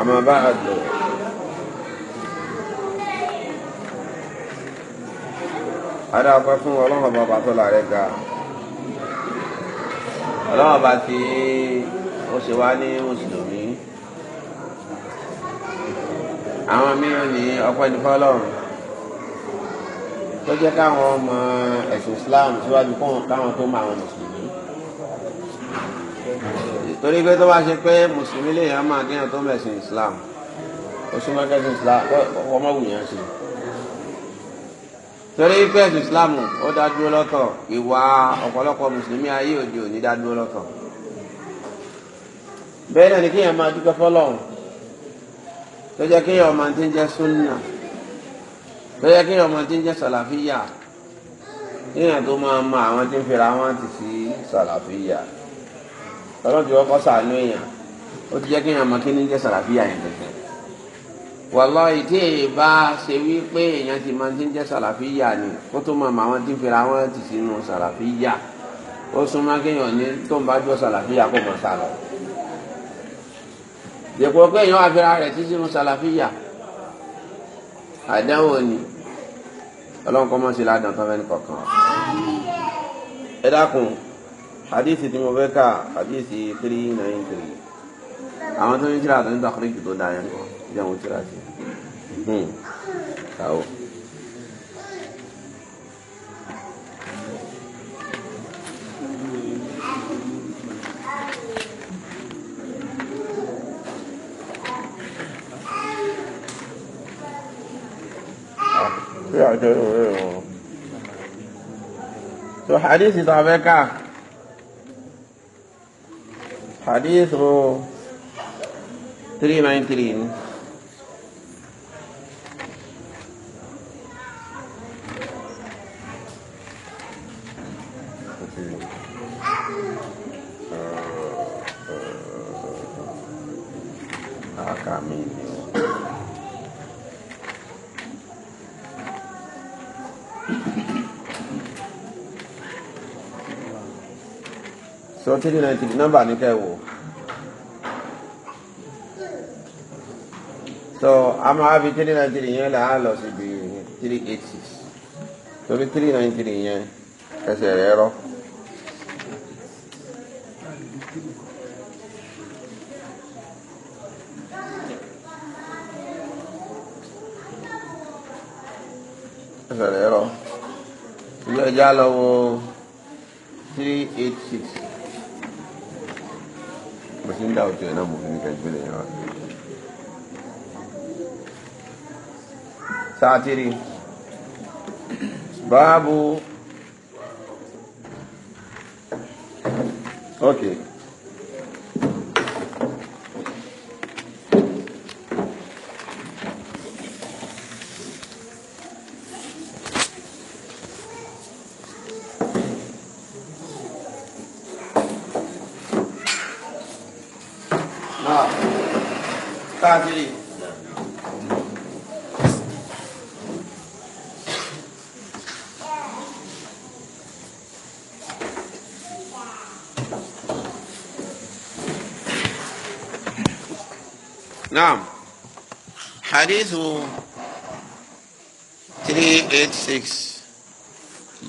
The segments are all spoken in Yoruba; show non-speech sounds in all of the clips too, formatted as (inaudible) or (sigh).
أما بعد ara ọpẹ́ fún Ọlọ́run ọba tó láre ga Ọlọ́run ọba tí ó ṣe wá ní mùsùlùmí àwọn míràn ní ọpẹ́ nípa Ọlọ́run tó jẹ́ káwọn ọmọ ẹ̀sìn Islam síwájú káwọn tó máa wọn mùsùlùmí torí pé tó bá ṣe pé mùsùlùmí lè yàn máa kéèyàn tó mẹ̀sìn islam ó súnmọ́ kẹ́sìn islam ọmọ wù yàn sí torí pé ẹ̀sìn islam ó dá dúró lọ́tọ̀ ìwà ọ̀pọ̀lọpọ̀ mùsùlùmí ayé òde òní dá dúró lọ́tọ̀ bẹ́ẹ̀ náà ni kéèyàn máa dúpẹ́ fọlọ́run tó jẹ́ kéèyàn ọmọ tí ń jẹ́ súnà tó jẹ́ kéèyàn ọmọ tí ń jẹ́ sàlàfíyà kéèyàn tó máa ma àwọn tí ń fira wọn ọlọ́run ti kọ́kọ́ sàánú èèyàn ó ti jẹ́ kí èèyàn mọ kí ní jẹ́ sàlàfíà yẹn tẹ̀tẹ̀ wàláhì tí èyí bá ṣe wípé èèyàn ti máa ti ń jẹ́ sàlàfíà ni kó tó máa máa wọn ti fira wọn ti sínú sàlàfíà ó súnmọ́ kéèyàn ní tó ń bá jọ sàlàfíà kó mọ̀ sálọ. dèpò kéèyàn àfira rẹ̀ ti sínú sàlàfíà àdánwò ni ọlọ́run kọ́ mọ́ sí ládàn tó fẹ́ ní kọ̀ọ̀kan ẹ dákun hadith tí mo fẹ́ kà hadith three nine three àwọn tó ń tíra àti nígbà kúrò jù tó dáa yẹn kọ́ jẹ́ àwọn tíra sí i káwọ́. Yeah, I do. So, hadith is حديث 393 three ninety nọ́mbà ní kẹwò so a máa fi three nineteen. yẹn là á lọ síbi three eight six torí three ninety yẹn ẹsẹ̀ rẹ̀ rọ. ẹsẹ̀ rẹ̀ rọ ilé ẹja lọ wo. sátírì báàbù ok Tá, direito. naam hadithu three eight six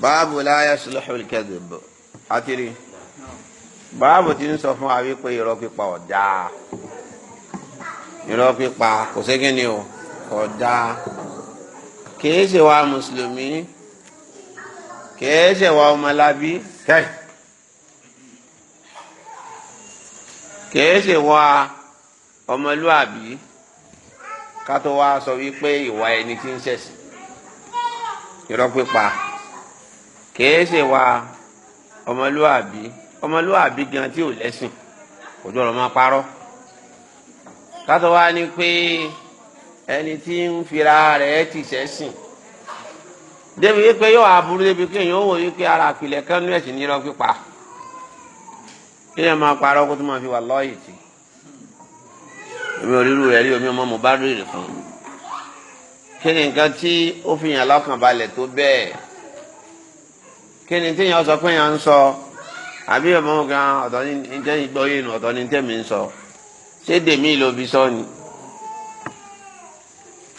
báàbù láyà sùlùḥùl kẹ́dìbù àtìrí báàbù tí ń sọ fún wa wípé irọ́ pípa ọ̀dà irọ́ pípa kò sí kíni o ọ̀dà kìí ṣe wa mùsùlùmí kìí ṣe wa ọmọlábí kẹ́ẹ̀ kìí ṣe wa ọmọlúàbí ká tó wá sọ wípé ìwà ẹni tí ń ṣẹ̀sìn irọ́ pípa kìí ṣe wa ọmọlúàbí ọmọlúàbí gan tí ò lẹ́sìn kò jọ̀rọ̀ máa parọ́ ká tó wá ní pé ẹni tí ń fira rẹ̀ ti ṣẹ̀sìn débi wípé yóò aburú débi kí èèyàn wò wípé ara àpilẹ̀ kan ní ẹ̀sìn ní irọ́ pípa kí èèyàn máa parọ́ kó tó máa fi wà lọ́ọ̀yì tì èmi ò rírú rẹ̀ rí omi ọmọ mo bá rírì kan kí ni nǹkan tí ó fi yàn lọ́kànbalẹ̀ tó bẹ́ẹ̀ kí ni tí yàn sọ pé yàn ń sọ àbí ọmọ mo kan ọ̀tọ̀ ní tẹ́yìn gbọ́ yìí nù ọ̀tọ̀ ní tẹ́mi ń sọ ṣé dèmí ló fi sọ ni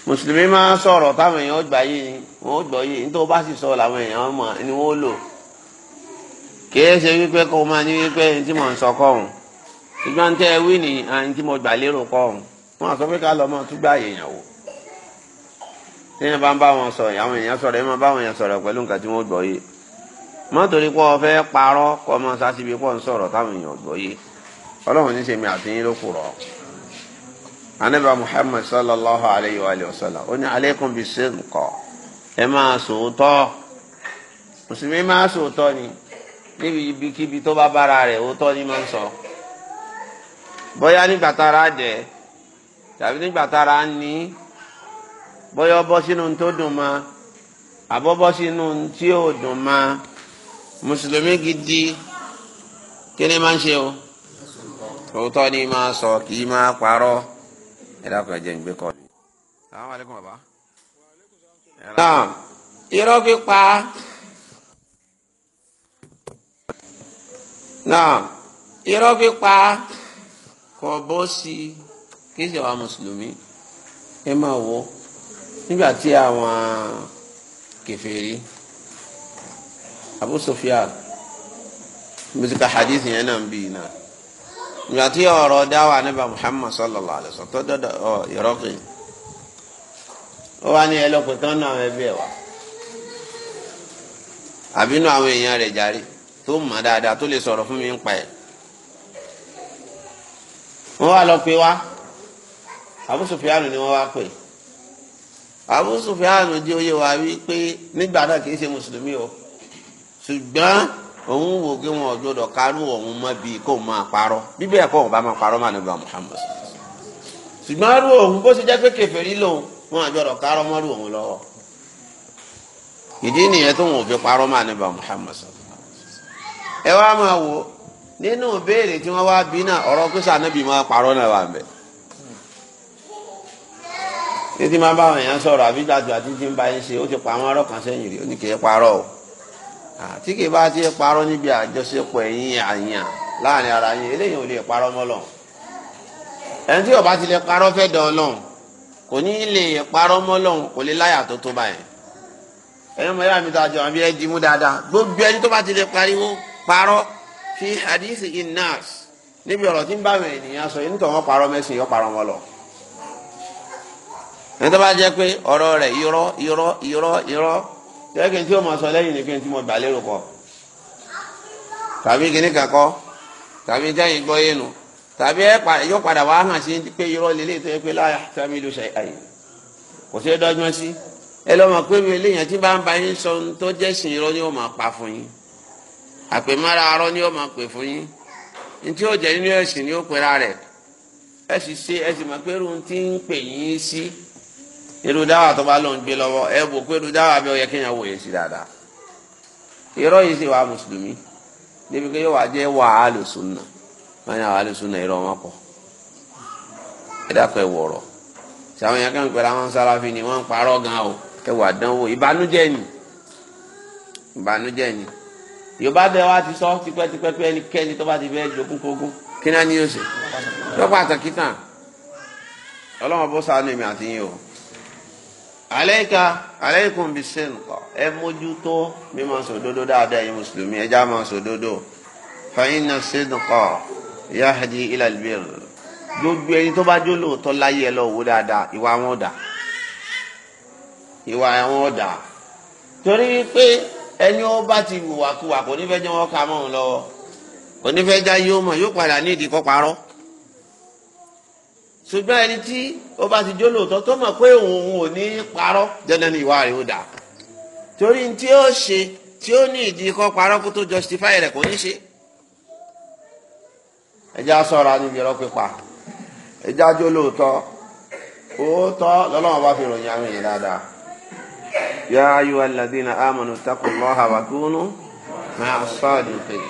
mùsùlùmí máa ń sọ̀rọ̀ táwọn èèyàn gbà yìí wọ́n gbọ́ yìí nítorí bá sì sọ làwọn èèyàn mọ̀ ni wọ́n lò kì í ṣe wípé kó máa ní wípé tí mò ń sọ ṣùgbọ́n tẹ́ ẹ wí ni àyìn tí mo gbà lérò kọ́ ọ̀hún wọn sọ pé ká lọ mọ tún gbà èèyàn wò téèyàn bá ń bá wọn sọ àwọn èèyàn sọ̀rọ̀ ẹ máa bá àwọn èèyàn sọ̀rọ̀ pẹ̀lú nǹkan tí wọ́n gbọ́ yé má torí pé ọ fẹ́ parọ́ kọ́ ọmọ sásìbí pọ̀ ń sọ̀rọ̀ táwọn èèyàn gbọ́ yé ọlọ́run ní sèmi àti yín ló kù rọ̀ anábà Muhammad sallallahu alayhi wa sallam ó ní alaykum bis-sidq ẹ máa sòótọ́ mùsùlùmí máa sòótọ́ ni níbi ibikíbi tó bá bára rẹ̀ òótọ́ ni máa ń sọ. So. bóyá nígbà tára jẹ tàbí nígbà tára ní bóyá ọbọ sínú tó dùn sínú tí ò dùn mùsùlùmí gidi kí ni máa ń ṣe o tòótọ́ ni máa sọ kì í máa parọ́ ẹ dákun ẹ jẹ́ ń mi. kọ bọ́ sí kí sì àwa mùsùlùmí ẹ máa wọ nígbà tí àwọn kèfèrí Abu mùsùlùmí hadith yẹn náà ń bì náà nígbà tí ọ̀rọ̀ dáwà níbà Muhammad sallallahu alayhi wa sallam tó dọ́dọ̀ ọ̀ ìrọ́kìn ó wá ní ẹlọ́pẹ̀ tán náà ẹbí ẹ̀ wá àbínú àwọn èèyàn rẹ̀ wọ́n wá lọ pé wá Abu Sufyan ni wọ́n wá pè Abu Sufyan di oyè wa wípé nígbà náà kìí ṣe mùsùlùmí o ṣùgbọ́n òun wò pé wọn ò gbọdọ̀ kánú òun mọ́ bíi kó máa parọ́ bíbẹ́ ẹ̀kọ́ òun bá máa parọ́ máa nígbà Muhammad ṣùgbọ́n rú òun bó ṣe jẹ́ pé kèfèrí lòun wọn ò gbọdọ̀ kárọ́ mọ́rú òun lọ́wọ́ ìdí nìyẹn tó wọn ò fi parọ́ máa nígbà Muhammad ẹ wá máa wò nínú ìbéèrè tí wọ́n wá bí náà ọ̀rọ̀ pé sànẹ́bí máa parọ́ náà wà mẹ́. títí máa bá àwọn èèyàn sọ̀rọ̀ àbí gbàdúrà títí ń bá yín ṣe ó ti pa àwọn ọ̀rọ̀ kan sẹ́yìn rí ó ní kì í parọ́ o. àti kì í bá ti parọ́ níbi àjọṣepọ̀ ẹ̀yìn àyàn láàrin ara yín eléyìí ò lè parọ́ mọ́ lọ́hùn. ẹni tí ó ti lè parọ́ fẹ́ dán ọlọ́hùn kò ní lè parọ́ mọ́ lọ́hùn kò lè láyà tó tó báyìí. ẹni mo yára mi ta jọ àbí ẹ di mú dáadáa gbogbo ẹni tó bá ti lè pariwo parọ́ fi hadith innas níbi ọ̀rọ̀ tí ń bá àwọn ènìyàn sọ yìí nítorí wọ́n parọ́ mẹ́sìn yọ parọ́ wọn lọ. ní tó bá jẹ́ pé ọ̀rọ̀ rẹ̀ irọ́ irọ́ irọ́ irọ́ jẹ́ kí n tí ó sọ lẹ́yìn ní kí n tí mo gbà lérò kọ. tàbí kankọ́ tàbí jẹ́yìn gbọ́ tàbí yóò padà wá hàn sí pé irọ́ lélẹ̀ tó yẹ pé láyà ṣe àyè kò sí sí ẹ lọ́mọ pé mi eléyàn tí bá ń yín sọ tó jẹ́sìn irọ́ àpèmọ́ra arọ ni ó máa pè fún yín ntí ó jẹ nínú ẹ̀sìn ni ó pera rẹ ẹ ṣe ẹ sì pé irun tí ń pè yín sí irú dáwà tó bá lóun gbé lọ́wọ́ ẹ wò pé irú dáwà bí ó yẹ kéèyàn wòye sí dáadáa irọ́ yìí sì wà mùsùlùmí débi pé yóò wá jẹ́ wà ni wọ́n ń parọ́ o ẹ wà dánwò yorùbá bẹ wá ti sọ tipẹ́tipẹ́ pé ẹnikẹ́ni tó bá ti fẹ́ jogún kógún kí náà ní yóò ṣe lọ́pọ̀ àtàkì tán ọlọ́run bó sànú èmi àti yín o àlẹ́ka àlẹ́kùn bíi sẹ́ǹkọ̀ ẹ mójútó mímọ sòdodo dáadáa ẹ̀yin mùsùlùmí ẹja mọ sòdodo fàyín náà sẹ́ǹkọ̀ yahadi ilal bir gbogbo ẹni tó bá jó lóòótọ́ láyé ẹ lọ wò dáadáa ìwà àwọn ọ̀dà ìwà àwọn ọ̀dà torí pé ẹni ó bá ti wùwàkuwà kò ní fẹ́ jẹ́ wọ́n ka mọ́ òun lọ́wọ́ kò ní fẹ́ já yóò mọ̀ yóò padà ní ìdíkọ́ parọ́ ṣùgbọ́n ẹni tí ó bá ti jólóòtọ́ tó mọ̀ pé òun ò ní parọ́ dandan ni ìwà rẹ̀ ó dà torí tí ó ṣe tí ó ní ìdíkọ́ parọ́ kó tó justify rẹ̀ kò ní ṣe ẹjá sọ̀rọ̀ níbi ọ̀rọ̀ pípa ẹjá jólóòtọ́ òótọ́ lọ́lọ́wọ́n bá fi ròyìn àwọn èèyàn dáadáa. يا أيها الذين آمنوا اتقوا الله وكونوا مع الصادقين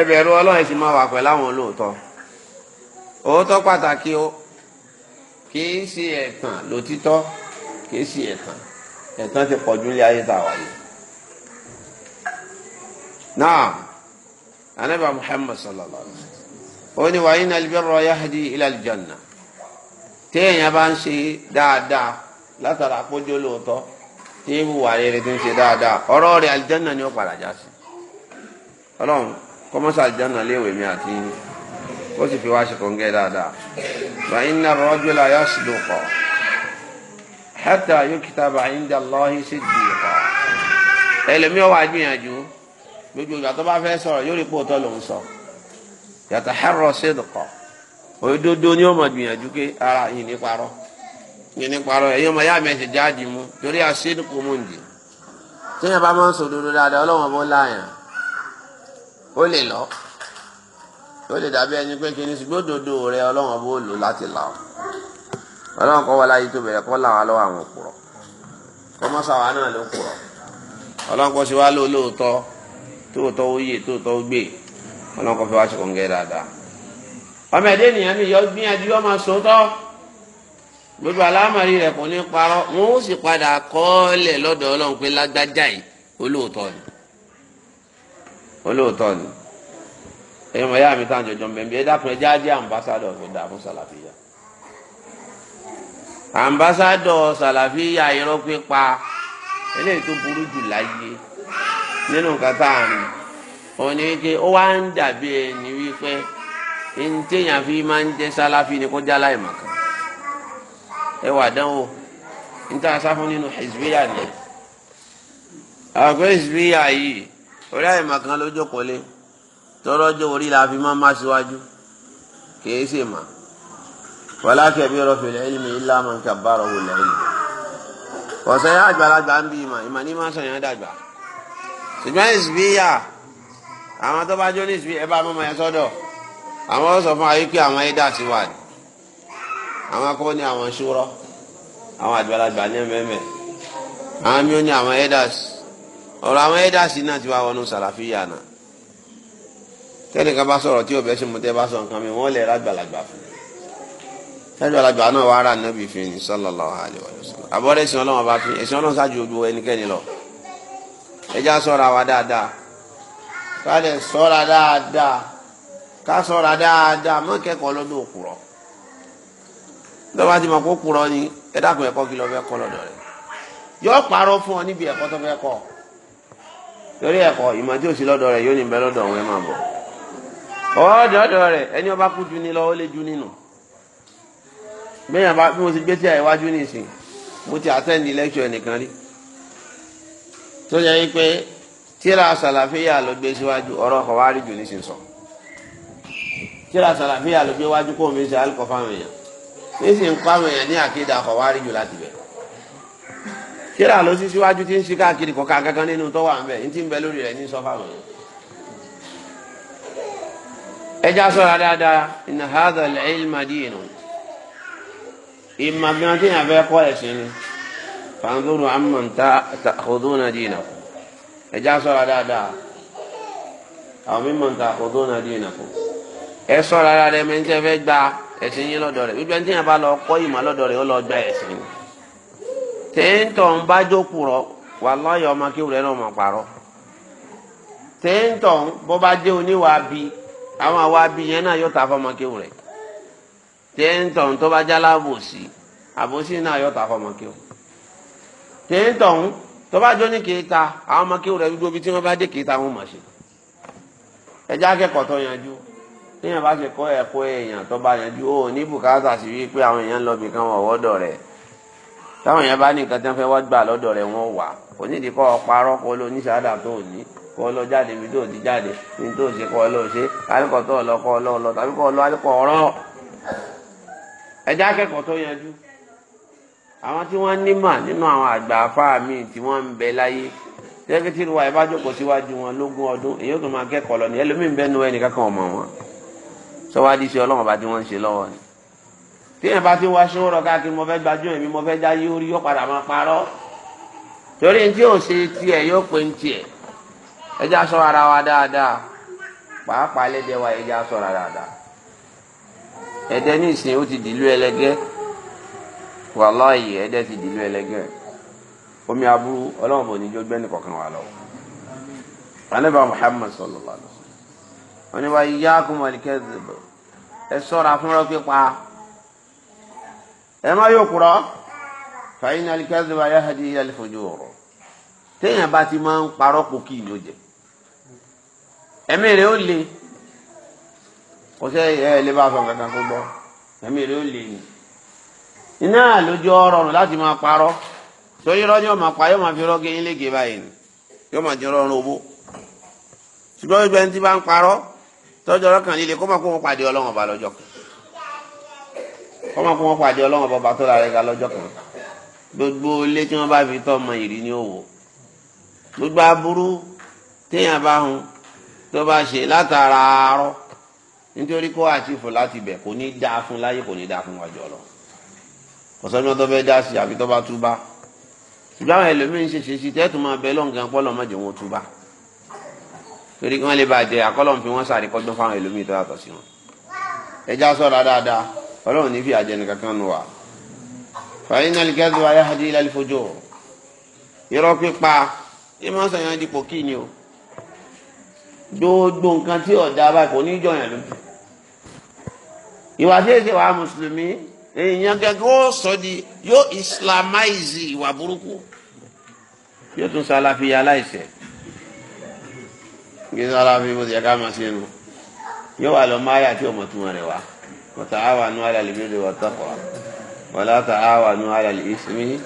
ẹ bẹ̀rù ọlọ́run ẹ sì máa wà pẹ̀lú àwọn olóòótọ́ òótọ́ pàtàkì o kìí ṣe ẹ̀tàn lòtítọ́ kìí ṣe ẹ̀tàn ẹ̀tàn ti pọ̀jù ní ayé tá a wáyé. náà anábà Muhammad sallallahu alayhi wa sallam ó ní wa innal birra yahdi ila al-janna téèyàn bá ń ṣe dáadáa látara àpójọ lóòótọ́ tí ń hùwà rere tí ń ṣe dáadáa ọ̀rọ̀ rẹ̀ àlìjánà ni ó padà já sí ọlọ́run kọ́mọ́sí àlìjánà léèwé mi àti yín ó sì fi wá ṣe kòńgẹ́ dáadáa wa inna ar-rajula yasduqu hatta yuktaba inda Allahi siddiqa ẹlẹ́mi ọ̀wá gbìyànjú gbogbo ìgbà tó bá fẹ́ sọ̀rọ̀ yóò rí pòótọ́ lòún sọ yataharra sidqa òdodo ni ó mọ̀ gbìyànjú ké ara yìí ní parọ́ yìnyín parọ́ ẹ̀yin ọmọ yá mẹ́sẹ̀ jáde mu torí àṣẹ ní kò mú njì téèyàn bá máa ń sọ òdodo dáadáa ọlọ́wọ́n bó láàyàn ó lè lọ ó lè dàbí ẹni pé kí ni ṣùgbọ́n òdodo rẹ ọlọ́wọ́n bó lò láti là ọ́ ọlọ́wọ́n kọ́ wa láyé tó bẹ̀rẹ̀ kọ́ làwọn lọ́wọ́ àwọn òpùrọ̀ kọ́ mọ́sàwá náà ló kùrọ̀ ọlọ́wọ́n kọ́ sí wa lò lóòótọ́ tóòótọ́ ó yè tóòótọ́ ó gbè ọlọ́wọ́n kọ́ fi wá ṣe kọ́ńgẹ́ dáadáa ọmọ ẹ̀dẹ́ mi yọ gbìyànjú ọmọ sòótọ́ gbogbo alámàrí rẹ̀ kò ní parọ́ wọn ó sì padà kọ́ọ́lẹ̀ lọ́dọ̀ ọlọ́run pé lágbájá yìí olóòótọ́ ni olóòótọ́ ni ẹ̀yin mọ̀ ya mi tá à ń jọjọ́ mbẹ́mbẹ́ ẹ dákun ẹ jẹ́ ajé ambassadọ̀ fi dà fún sàlàfíà ambassadọ̀ sàlàfíà irọ́ pípa eléyìí tó burú jù láyé nínú nǹkan tá à ń rìn òní wípé ó wá ń dàbí ẹni wípé ntẹ̀yàn fi máa ń jẹ́ sàlàfí ni kó jálá ìmọ̀ kan ẹ wà dánwò níta sáfún nínú hizbiya ni àgbẹ̀ hizbiya yìí orí àyèmọ̀ kan ló jókòó lé tọ́rọ́jọ́ orí la fi máa ń má síwájú kìí sì mà wàlá kẹ̀bí ọ̀rọ̀ fil ilmi illa man kabbarahu al ilm ọ̀sẹ̀ yá àgbàlagbà ń bí ìmọ̀ ìmọ̀ ní máa ń sọ̀yàn dàgbà ṣùgbọ́n hizbiya àwọn tó bá jó ní hizbiya ẹ bá mọ́ ọmọ yẹn sọ́dọ̀ àwọn sọ fún ayé pé àwọn ẹ̀dá ti wà ní àwọn akọ́kọ́ ní àwọn ṣúrọ́ àwọn àgbàlagbà ní ẹ̀mẹ́mẹ́ àwọn mí ó ní àwọn elders ọ̀rọ̀ àwọn elders náà ti wá wọnú sàlàfíà náà tẹ́nìkan bá sọ̀rọ̀ tí òbẹ́ sì mú tẹ́ bá sọ nǹkan mi wọ́n lè rà àgbàlagbà fún un tẹ́gbàlagbà náà wàá rà nàbì fi ni sallallahu alaihi wasallam àbọ̀rẹ́ ẹ̀sìn ọlọ́wọ́n bá fi ẹ̀sìn ọlọ́wọ́n ṣáájú ojú ẹnikẹ́ni lọ ẹja sọ̀rọ̀ àwa dáadáa ká lè sọ̀rọ̀ dáadáa ká sọ̀rọ̀ dáadáa mọ́ lọ́dún òkúrọ̀ lọ́ba ti mọ̀ kó kúrọ́ ni ẹ dákun ẹ̀kọ́ kí lọ fẹ́ kọ́ lọ́dọ̀ rẹ̀ yọ parọ́ fún ọ níbi ẹ̀kọ́ tó fẹ́ kọ́ torí ẹ̀kọ́ ìmọ̀ tí ò sí lọ́dọ̀ rẹ̀ yóò ní bẹ́ lọ́dọ̀ òun ẹ̀ máa bọ̀ ọ̀ọ́dọ̀ọ̀dọ̀ rẹ̀ ẹni ọba kú ju ní lọ ó lé ju nínú bẹ́ẹ̀ bá bí mo ti gbé tí a nìsín mo ti attend lecture nìkan rí tó yẹ yí pé tíra sàlàfíà ló gbé síwájú ọ̀rọ̀ ọkọ̀ wá rí jù nìsín sọ tíra sàlàfíà ló gbé wájú kó mi ṣe alukọ̀ fáwọn èèyàn níṣì ń pa àwọn èèyàn ní àkéde àkọ̀wárí jù láti bẹ̀. kíra ló sì síwájú tí ń ṣe káàkiri kọ̀ọ̀kan kankan nínú tó wà ń bẹ̀ ní ti ń bẹ lórí rẹ̀ ní sọ́fà wọn. ẹja sọ̀rọ̀ dáadáa inna hadha al-ilma dinun ìmọ̀ gan tí yàn fẹ́ kọ́ ẹ̀sìn ni fanzuru amman ta'khuduna dinakum ẹja sọ̀rọ̀ dáadáa àwọn mímọ̀ ta'khuduna dinakum ẹ sọ̀rọ̀ dáadáa ẹ̀sìn yín lọ́dọ̀ rẹ̀ gbígbẹ́ tí yẹn bá lọ kọ́ ìmọ̀ lọ́dọ̀ rẹ̀ ó lọ gba ẹ̀sìn ni ń bá jókòó rọ wà lọ́yọ̀ ọmọ náà mọ̀ pàrọ̀ bá jẹ́ bí àwọn àwa bí yẹn náà yóò ta fọmọ tó bá àbòsí ta fọmọ tó bá ní àwọn ọmọ gbogbo téèyàn bá ṣe kọ́ ẹ̀kọ́ èèyàn tó bá yanjú ó ní bùkátà sí wípé àwọn èèyàn lọ bì kan wọ̀ wọ́dọ̀ rẹ̀ táwọn èèyàn bá ní nǹkan tí wọ́n fẹ́ wá gbà lọ́dọ̀ rẹ̀ wọ́n wà kò ní ìdíkọ́ ọparọ́ kó ló níṣàdà tó ní kó lọ jáde ibi tó ti jáde ibi tó ṣe kọ́ ló ṣe kálíkọ̀ tó lọ kọ́ lọ lọ tàbí kọ́ lọ alíkọ̀ ọ̀rọ̀ ẹja akẹ́kọ̀ọ́ tó yanjú àwọn tí wọ́n ní mà nínú àwọn àgbà afáà míì tí wọ́n ń bẹ láyé tẹ́kítì wa ìbájókòó síwájú wọn lógún ọdún èyí ó tún máa kẹ́kọ̀ọ́ lọ ní ẹlòmíín bẹ́ẹ̀ nu ẹnìkan kan ọmọ wọn sọwádìí ṣe ọlọ́run bá tí wọ́n ń ṣe lọ́wọ́ ni téèyàn bá ti wá ṣòro káàkiri mo fẹ́ gbajú ẹ̀mí mo fẹ́ jáyé orí yóò padà máa parọ́ torí ní tí ò ṣe tiẹ̀ yóò pe ní tiẹ̀ ẹja sọ ara wa dáadáa pàápàá lẹ́dẹ̀ wa ẹja sọ̀ra dáadáa ẹ̀dẹ̀ ní ìsìn ó ti dìlú ẹlẹ́gẹ́ wàláhì ẹ̀dẹ̀ ti dìlú ẹlẹ́gẹ́ omi aburú ọlọ́run bò ní jó gbẹ́ni kọ̀ọ̀kan wà lọ. alẹ́ bá Muhammad sallallahu alaihi wọ́n ní wá yá kúmọ̀ ìkẹ́sì ẹ sọ́ra fúnra pípa ẹ má yóò kúrọ́ fàyín alikẹ́sì bá ọ̀rọ̀ téèyàn bá ti máa ń parọ́ pò kí ìlú jẹ ẹ̀mí ó le kò sẹ́ ẹ lè bá kankan kó gbọ́ ẹ̀mí ó le ni iná lójú ọ̀rọ̀ láti máa parọ́ rọ́ pa yóò máa fi rọ́ báyìí ni yóò máa jẹ́ rọrùn owó ṣùgbọ́n tọ́jọ́ ọlọ́kàn líle kó má kó wọn pàdé ọlọ́run ọba lọ́jọ́ kan kó má kó wọn pàdé ọlọ́run ọba tó la rẹ̀ ga lọ́jọ́ kan gbogbo ilé tí wọ́n bá fi tọ́ ọmọ ìrì ní òwò gbogbo aburú téèyàn bá hun tó bá ṣe látara arọ nítorí kó àtìfò láti bẹ̀ kò ní dáa fún láyé kò ní dáa fún wájú ọlọ kọsọ́ni wọn tó dá sí àfi tó bá túbá ṣùgbọ́n ẹlòmíín ṣe ṣe ṣe tẹ́tù máa bẹ lọ́ngàn pọ́lọ́ mọ́jọ́ wọn túbá torí kí wọ́n lè bàjẹ́ àkọ́lọ́ fi wọ́n sàrí kọ́gbọ́n fáwọn ẹlòmíì tó yàtọ̀ sí wọn. ẹja sọ̀rọ̀ dáadáa ọlọ́run ní fi àjẹ nìkan kan nù wá. fàyínà lìkẹ́tù ayáhadí ilẹ̀ àlìfojò irọ́ pípa ìmọ̀ sọ̀yàn dípò kí ni o. gbogbo nǹkan tí ọ̀dà bá kò ní jọyàn lójú. ìwà tí èsì wàá mùsùlùmí èèyàn gẹ́gẹ́ ó sọ di yóò islamize ìwà burúkú yóò tún sọ aláfiyà aláìṣẹ̀ kí sára fi bó ti yẹ ká máa ṣe nu yóò wà lọ máyà tí ọmọ tó wọn rẹ wá wa ta'awanu 'ala al-birri wat-taqwa wa la ta'awanu 'ala al-ithmi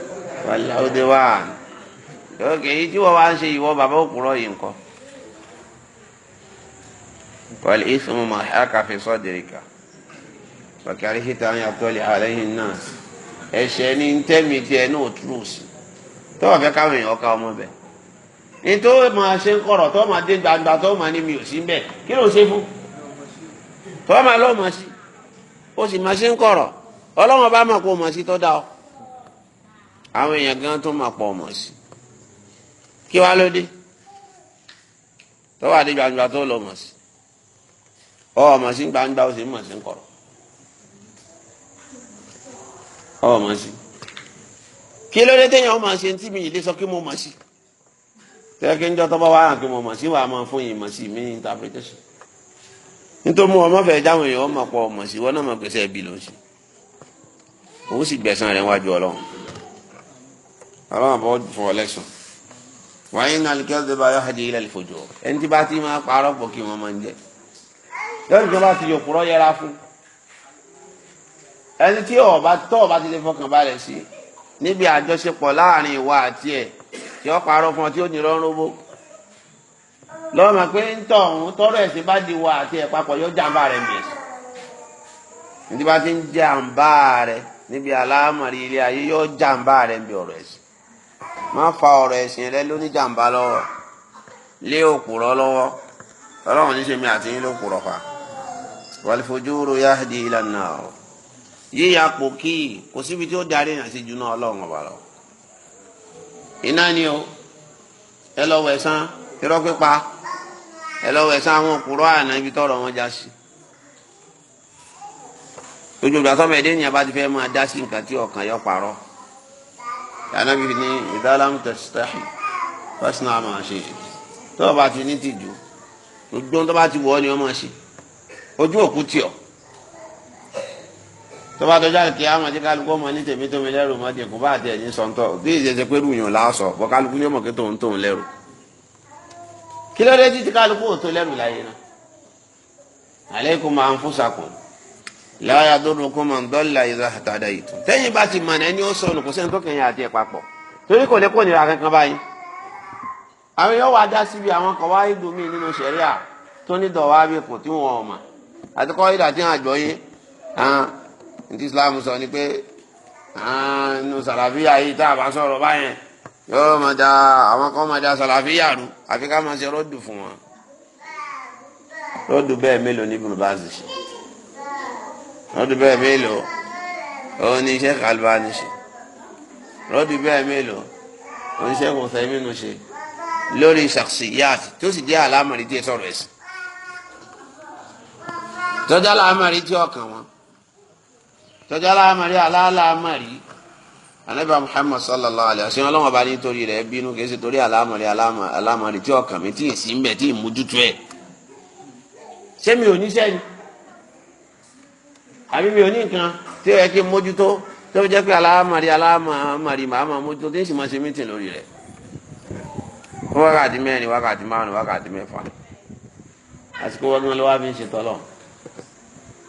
wal-'udwan lókè yìí tí wọ́n wá ń ṣe ìwọ bàbá òkúrọ̀ yìí nǹkan wal-ithmu ma haka fi sadrika wa karihta an yattali 'alayhi an-nas ẹ̀ṣẹ̀ ní tẹ́mi tiẹ̀ náà túrò sí tọ́wọ́ fẹ́ káwọn èèyàn ká ọmọ bẹ́ẹ̀ nítorí máa ṣe ń kọ̀rọ̀ tó máa dé gbangba tó máa ní mi ò sí bẹ́ẹ̀ kí ló ń ṣe fún tó máa lọ́ọ́ máa sí ó sì máa ṣe ń kọ̀rọ̀ ọlọ́wọ́n bá máa kó máa sí tó dá ọ àwọn èèyàn gan tó máa pọ̀ mọ̀ sí kí wá ló dé tó wà dé gbangba tó lọ mọ̀ sí ọ mọ̀ sí gbangba ó sì mọ̀ sí ń kọ̀rọ̀ ọ mọ̀ sí kí ló dé téèyàn máa ṣe ń tí mi yìí sọ kí mo mọ̀ sí tẹ́kí njọ́ tọ́ bá wà hàn kí mo mọ̀ sí wàá máa fún yìí mọ̀ sí mi interpretation nítorí mo ọmọ fẹ́ẹ́ jáwọn èèyàn ọmọ pọ̀ mọ̀ sí wọn náà mọ̀ pèsè ẹbí ló ń ṣe òun sì gbẹ̀sán rẹ̀ wájú ọlọ́run ọlọ́run bọ́ fún ọ lẹ́sùn wàá yín nàlẹ́ kẹ́lẹ́ bá yọ hajj ilẹ̀ ìfojò ẹni tí bá ti máa parọ́ pọ̀ kí wọ́n máa ń jẹ lẹ́yìn tó bá ti yọ kúrọ́ yẹra fún ẹni tí ọba tọ́ ọba ti lè fọkàn balẹ̀ sí níbi àjọṣepọ̀ láàrin ìwà àti ẹ̀ tí ó parọ́ fún ọ tí ó ní lọ́rùn owó lọ́mọ pé ń tọ̀ ọ̀hún tọ́rọ̀ ẹ̀sìn bá di wa àti ẹ̀ papọ̀ yóò jàǹbá rẹ̀ mi ẹ̀sìn níbi bá ti ń jàǹbá rẹ̀ níbi aláàmọ̀rí ilé ayé yóò jàǹbá rẹ̀ mi ọ̀rọ̀ ẹ̀sìn má fa ọ̀rọ̀ ẹ̀sìn rẹ lóní jàǹbá lọ́wọ́ lé òkùrọ̀ lọ́wọ́ ọlọ́run ní sèmi àti yín ló kùrọ̀ pa wàlífojúro yahdi ìlànà yíyapò kí kò síbi tí ó darí ìrìnàṣẹ́jú náà ọlọ́run ọ̀bà lọ́wọ́ iná ni o ẹ lọ wẹ̀ sán irọ́ pípa ẹ lọ wẹ̀ sán àwọn òkúrọ́ àná ibi tọrọ wọn já sí lójú ìgbà sọmọ ẹdẹ ènìyàn bá ti fẹ́ máa dá sí nǹkan tí ọkàn yọ parọ́ yàrá bíi ní ìdálámù tẹsítẹ́hì fásitì máa ṣe tó o bá ti ní gbogbo tó bá ti wọ̀ ọ́ ni wọ́n máa ṣe ojú òkú tì tọ́ba tọ́jà kí á máa jẹ́ kálukú ọmọ ní tèmi tó mi lẹ́rù mọ́ dìkú bá àti ẹ̀yìn sọ̀ńtọ̀ kí ìṣẹ̀ṣẹ̀ pé rúùyàn láàsọ̀ bọ́ kálukú ní ọmọ kí tòun tóun lẹ́rù kí ló dé títí kálukú ò tó lẹ́rù láyé náà aleikum máa ń fúnṣakùn láyà dúró kó máa ń dọ́là ìlà àtàdá yìí tún tẹ́yìn bá ti mọ̀nà ẹni ó sọnù kò sẹ́ni tó kẹ̀yìn àti ẹ̀ papọ̀ torí kò lè kó nira kankan báyìí àwọn yóò wá dá síbi àwọn kan wáyé domi nínú sẹ̀ríà tó ní dọ̀wá bí kùn ní ti islam sọ ni pé nínú sàlàfíà yìí tá a bá sọ̀rọ̀ báyẹn yóò máa da àwọn kan máa da sàlàfíà rú àfi ká máa ṣe rọ́dù fún wọn rọ́dù bẹ́ẹ̀ mélòó ní Ibn Baz ṣe rọ́dù bẹ́ẹ̀ mélòó òun ni Sheikh Albani ṣe rọ́dù bẹ́ẹ̀ mélòó òun Sheikh Uthaymeen ṣe lórí shakhsiyat tó sì jẹ́ àlámọ̀rí tí ẹ sọ̀rọ̀ ẹ̀sìn tọ́jà àlámọ̀rí tí ọkàn wọn tọ́jú aláàmàrí aláàmàrí anabi muhammad sallallahu alayhi wa sallam ọlọ́wọ́n bá nítorí rẹ̀ bínú kì í ṣe torí aláàmàrí aláàmàrí tí ọkàn mi tí ì sí mbẹ tí ì mójútó ẹ̀ ṣé mi ò níṣẹ́ ni àbí mi ò ní nǹkan tí ó yẹ kí n mójútó tó fi jẹ́ pé aláàmàrí aláàmàrí màá mójútó tí ì sì máa ṣe mítìn lórí rẹ̀ wákàtí mẹ́rin wákàtí márùn wákàtí mẹ́fà àsìkò wọ́n gbọ́n lọ́wọ́ fi ń ṣe tọ́lọ̀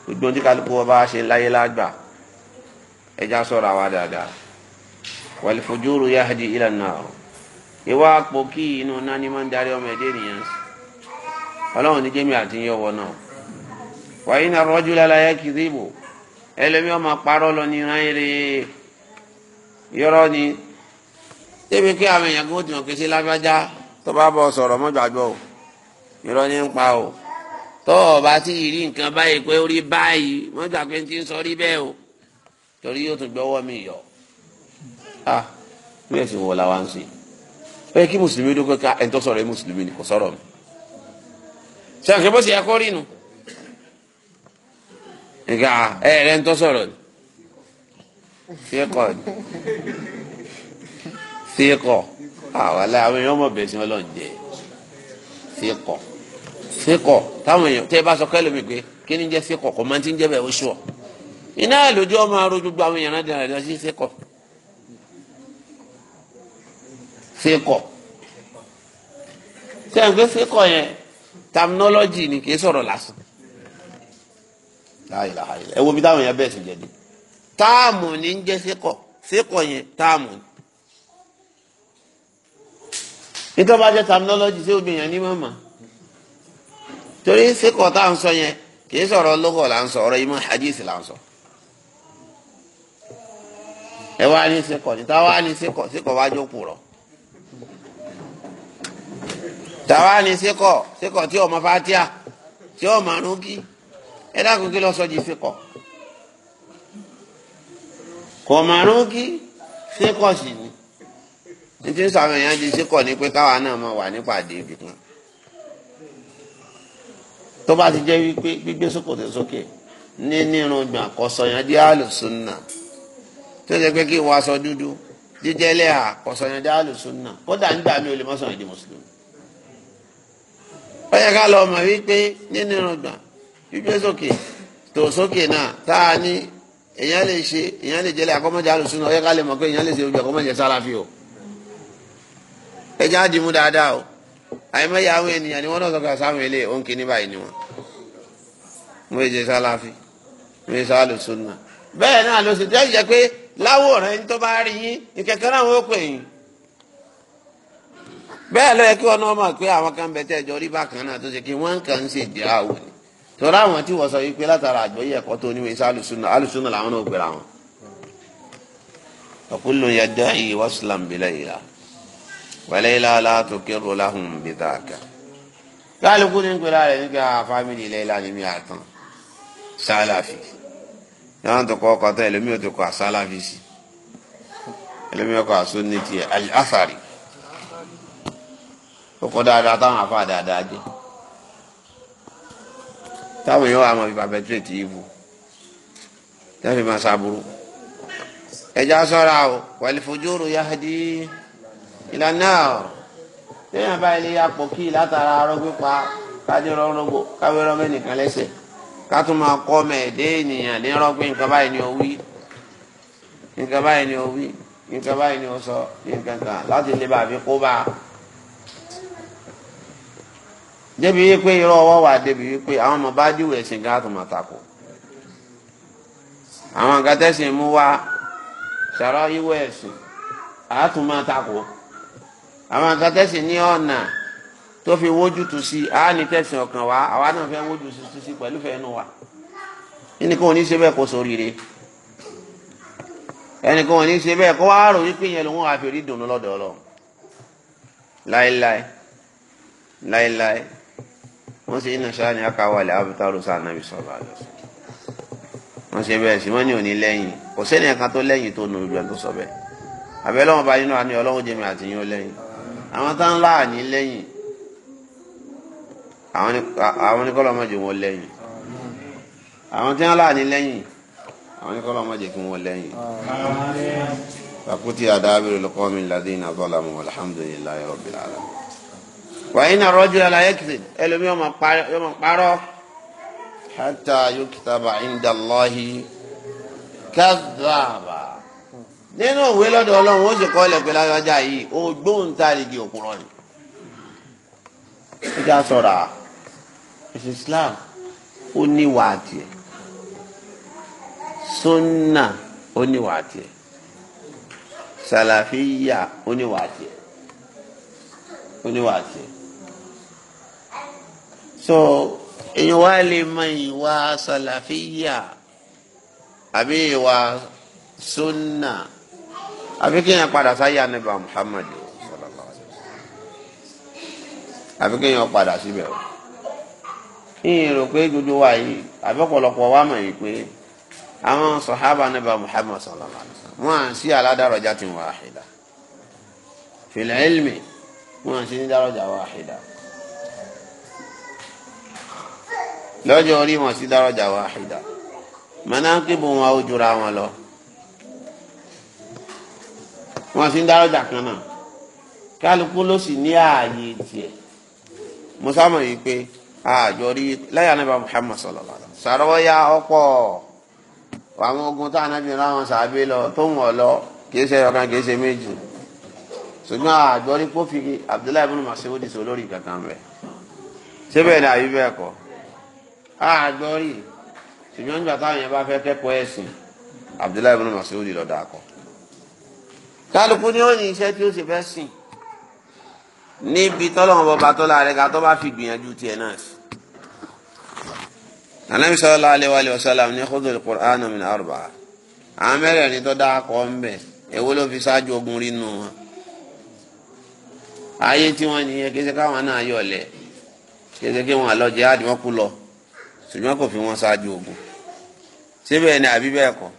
gbogbo tí kálukú wọn bá ṣe láyé lágbàá ẹja sọ̀rọ̀ àwa dáadáa wal fujuru yahdi ila an-nar ìwà àpò kí inú nání máa ń darí ọmọ ẹdẹ nìyẹn ọlọ́run ní jẹ́mi àti yín ọwọ́ náà wa inna ar-rajula la yakdhibu ẹlẹ́mi ọmọ parọ́ lọ ní ráyẹ̀rẹ́ yọ̀rọ̀ ni débi kí àwọn èèyàn gbọ́dọ̀ tìmọ̀ kéṣe lábájá tó bá bọ̀ sọ̀rọ̀ mọ́jàgbọ́ o yọ̀rọ̀ ni ń pa o tó o bá ti rí nǹkan báyìí pé ó rí báyìí mọ́jàgbé ti ń sọ rí bẹ́ẹ̀ o torí yóò tún gbọ́wọ́ mi yọ. a bí ẹ̀sìn wọ̀ làwọn ń sìn ó yẹ kí mùsùlùmí dúró ká ẹ̀ ń tọ́ sọ̀rọ̀ ẹ̀ mùsùlùmí ni kò sọ̀rọ̀ mi. sànkẹ́ bó ṣe yẹ kó rí nu. nǹkan ẹ̀ rẹ̀ ń tọ́ sọ̀rọ̀ ni. fíkọ̀ ni fíkọ̀ àwọn aláwọ̀ èèyàn mọ̀ bẹ̀sìn ọlọ́run jẹ́ fíkọ̀ fíkọ̀ táwọn èèyàn tẹ́ bá sọ kẹ́lẹ́mi pé kí ni jẹ́ fíkọ̀ kọ́ máa ti ń jẹ́ bẹ́ẹ̀ ó ṣùọ́ iná lójú ọmọ aró gbogbo àwọn èèyàn náà dára sí sékọ̀ sékọ̀ sẹ́yìn pé sékọ̀ yẹn terminology ni kì í sọ̀rọ̀ lásán ẹ wo bí táwọn èèyàn bẹ̀rẹ̀ sí jẹ dé táàmù ní ń jẹ́ sékọ̀ sékọ̀ yẹn táàmù ni nítorí bá jẹ́ terminology sí obìnrin ní mọ̀mọ́ torí sékọ̀ tá à ń sọ yẹn kì í sọ̀rọ̀ lókọ̀ là ń sọ ọ̀rọ̀ yìí mọ́ hadith là ń sọ ẹ wá ní sekọ̀ ní táwa ní sekọ̀ sekọ̀ wá jókòó rọ̀ táwa ní sekọ̀ sekọ̀ tí ọmọ fatia tí ọmọ arúgí ẹ dákun kí lọ sọ di sekọ̀ kò mọ arúgí sekọ̀ sì ni ní tí ń sọ àwọn èèyàn di sekọ̀ ni pé káwa náà máa wà nípàdé ibìkan tó bá ti jẹ́ wípé gbígbé sókòtò sókè ní nírun gbọ̀n àkọsọ yẹn di àlùsùn náà tó ṣe pé kí n wọ aṣọ dúdú jíjẹ́ lẹ́hà ọ̀sọ̀yànjá àlùsùnà kódà nígbà mi ò lè mọ́sàn ìdí mùsùlùmí. ó yẹ ká lọ mọ̀ wípé nínú ìrọ̀gbà gbígbé sókè tò sókè náà tá a ní èèyàn lè ṣe èèyàn lè jẹ́lẹ̀ àkọ́mọ́jà àlùsùnà ó yẹ ká lè mọ̀ pé èèyàn lè ṣe ojú àkọ́mọ́jà sálàfí o. ẹ já dìímú dáadáa o àyẹ̀mẹ́yà àwọn ènìyàn ni wọ́n náà sọ̀kà sáwọn ilé òǹkì ní báyìí ni wọ́n. mo ṣe sálàfí mo bẹ́ẹ̀ náà ló ṣe jẹ́ pé láwòrán ẹni tó bá rí yín ìkẹkẹ náà wọn ó pè yín bẹ́ẹ̀ ló yẹ kí wọn náà mọ̀ pé àwọn kan bẹ tẹ́ ẹjọ́ rí bákan náà tó ṣe kí wọ́n kàn ń ṣèjì àwò ni tọ́lá àwọn tí wọ́n sọ yìí pé látara àgbọ́yé ẹ̀kọ́ tó oníwèé sí alùsùnà alùsùnà làwọn náà pèrè àwọn. ọ̀kúnlùn yẹ dá iye wá sùlám bílẹ̀ yìí la wàlẹ́ ilá aláàtò yàrá tó kọ ọkọ tó ẹlòmíì tó kọ asálàfíìsì ẹlòmíì kọ asónìtì àfàrí ọkọ dáadáa táwọn afa dáadáa jẹ táwọn yóò wá ma fi perpetrate evil tẹ́lẹ̀ máa ṣàbùrù ẹja sọ́ra o wal fujuru di ila nar na báyìí lè yà pọ̀ kí látara arọ́ pípa kájọ́ rọ́rọ́gbò ká tún máa kọ́ mẹ́ẹ̀dé ènìyàn ní rọ́gbìn nǹkan báyìí ni ó wí nǹkan báyìí ni ó wí nǹkan báyìí ni ó sọ nǹkan kan láti lè bàbí kó bá a. débi wípé irọ́ ọwọ́ wà débi wípé àwọn ọmọ bá ẹ̀sìn tó fi wójútu sí a á ní tẹ̀sán ọkàn wa àwa náà fẹ́ wójútu sí pẹ̀lú fẹ́ inú wa ẹnìkan ò ní ṣe bẹ́ẹ̀ kó sóríire ẹnìkan ò ní ṣe bẹ́ẹ̀ kó wá rò yẹn lòun àfi orí lọ́dọ̀ ọlọ láéláé láéláé wọ́n ṣe iná ṣáà ní sọ̀rọ̀ wọ́n ṣe bẹ́ẹ̀ sì ní lẹ́yìn kò sẹ́ni tó lẹ́yìn àwọn ní kọ́lọ́ mọ̀jẹ̀ wọn lẹ́yìn àwọn tí wọ́n láàánú lẹ́yìn àwọn ní kọ́lọ́ mọ̀jẹ̀ kí wọ́n lẹ́yìn. فقطع دابر القوم الذين ظلموا والحمد لله رب العالمين وإن الرجل لا يكذب إلهم يوم يوم قارو حتى يكتب عند الله كذاب nínú òwe lọ́dọ̀ ọlọ́run ó sì kọ́ ilẹ̀ pẹ̀lú ayọ́jà yìí ògbóǹtarìgì òkúrọ̀ ni. ó sọ̀rọ̀ à ẹ̀sìn Islam ó ní ìwà sunna ó ní ìwà àtiẹ̀ salafiya ó ní ìwà ó ní ìwà so èèyàn wá lè mọ ìwà salafiya àbí ìwà sunna àbí kéèyàn padà sáyà nípa Muhammad sallallahu alaihi wasallam àbí kéèyàn padà síbẹ̀ o ìyìn rò pé gbogbo wa yìí àbẹ́pọ̀lọpọ̀ wa mọ̀ yìí pé àwọn sọ̀hábà níbà Muhammad sallallahu alayhi wa sallam wọ́n à ń sí aládàrọ̀já tí wọ́n àhìdá fil ilmi wọ́n à ń sí nídàrọ̀já wọ́n àhìdá lọ́jọ́ orí wọn sí dárọ̀jà wàhídà mọ̀nàkìbò wọn ó jura wọn lọ wọn sí dárọ̀jà kan náà kálukú ló sì ní ààyè tiẹ̀ mo sámọ̀ yìí pé àjọrí láyà níbà Muhammad sọlọ́lá sàrọ́wọ́yà ọ̀pọ̀ àwọn ogun tá ànábì ráwọn sàábé lọ tó ń wọ̀ lọ kì í ṣe ọ̀kan kì í ṣe méjì ṣùgbọ́n àjọrí pófì Abdullahi ibn Mas'ud sọ lórí kankan bẹ́ẹ̀ ṣé bẹ́ẹ̀ ni àbí bẹ́ẹ̀ kọ́ àjọrí ṣùgbọ́n nígbà táwọn yẹn bá fẹ́ kẹ́kọ̀ọ́ ẹ̀sìn Abdullahi ibn Mas'ud lọ dà kọ́ kálukú ni ó ní iṣẹ́ tí ó ṣe fẹ́ sìn níbi tọ́lọ́mọba tọ́lá rẹ̀ ká tó bá fi gbìyànjú tiẹ̀ náà sí anabi sallallahu alayhi wa sallam ní kótó alukur'an min arba'a àwọn mẹ́rẹ̀ẹ̀rin tó dáa kọ́ ń bẹ̀ èwo ló fi ṣáájú ogun rí nù wọn. ayé tí wọ́n nìyẹn kí ṣe káwọn náà yọ̀ lẹ̀ kí ṣe kí wọ́n lọ jẹ́ àdìmọ́ kú lọ ṣùgbọ́n kò fi wọ́n ṣáájú ogun. síbẹ̀ ni àbí bẹ́ẹ̀ kọ́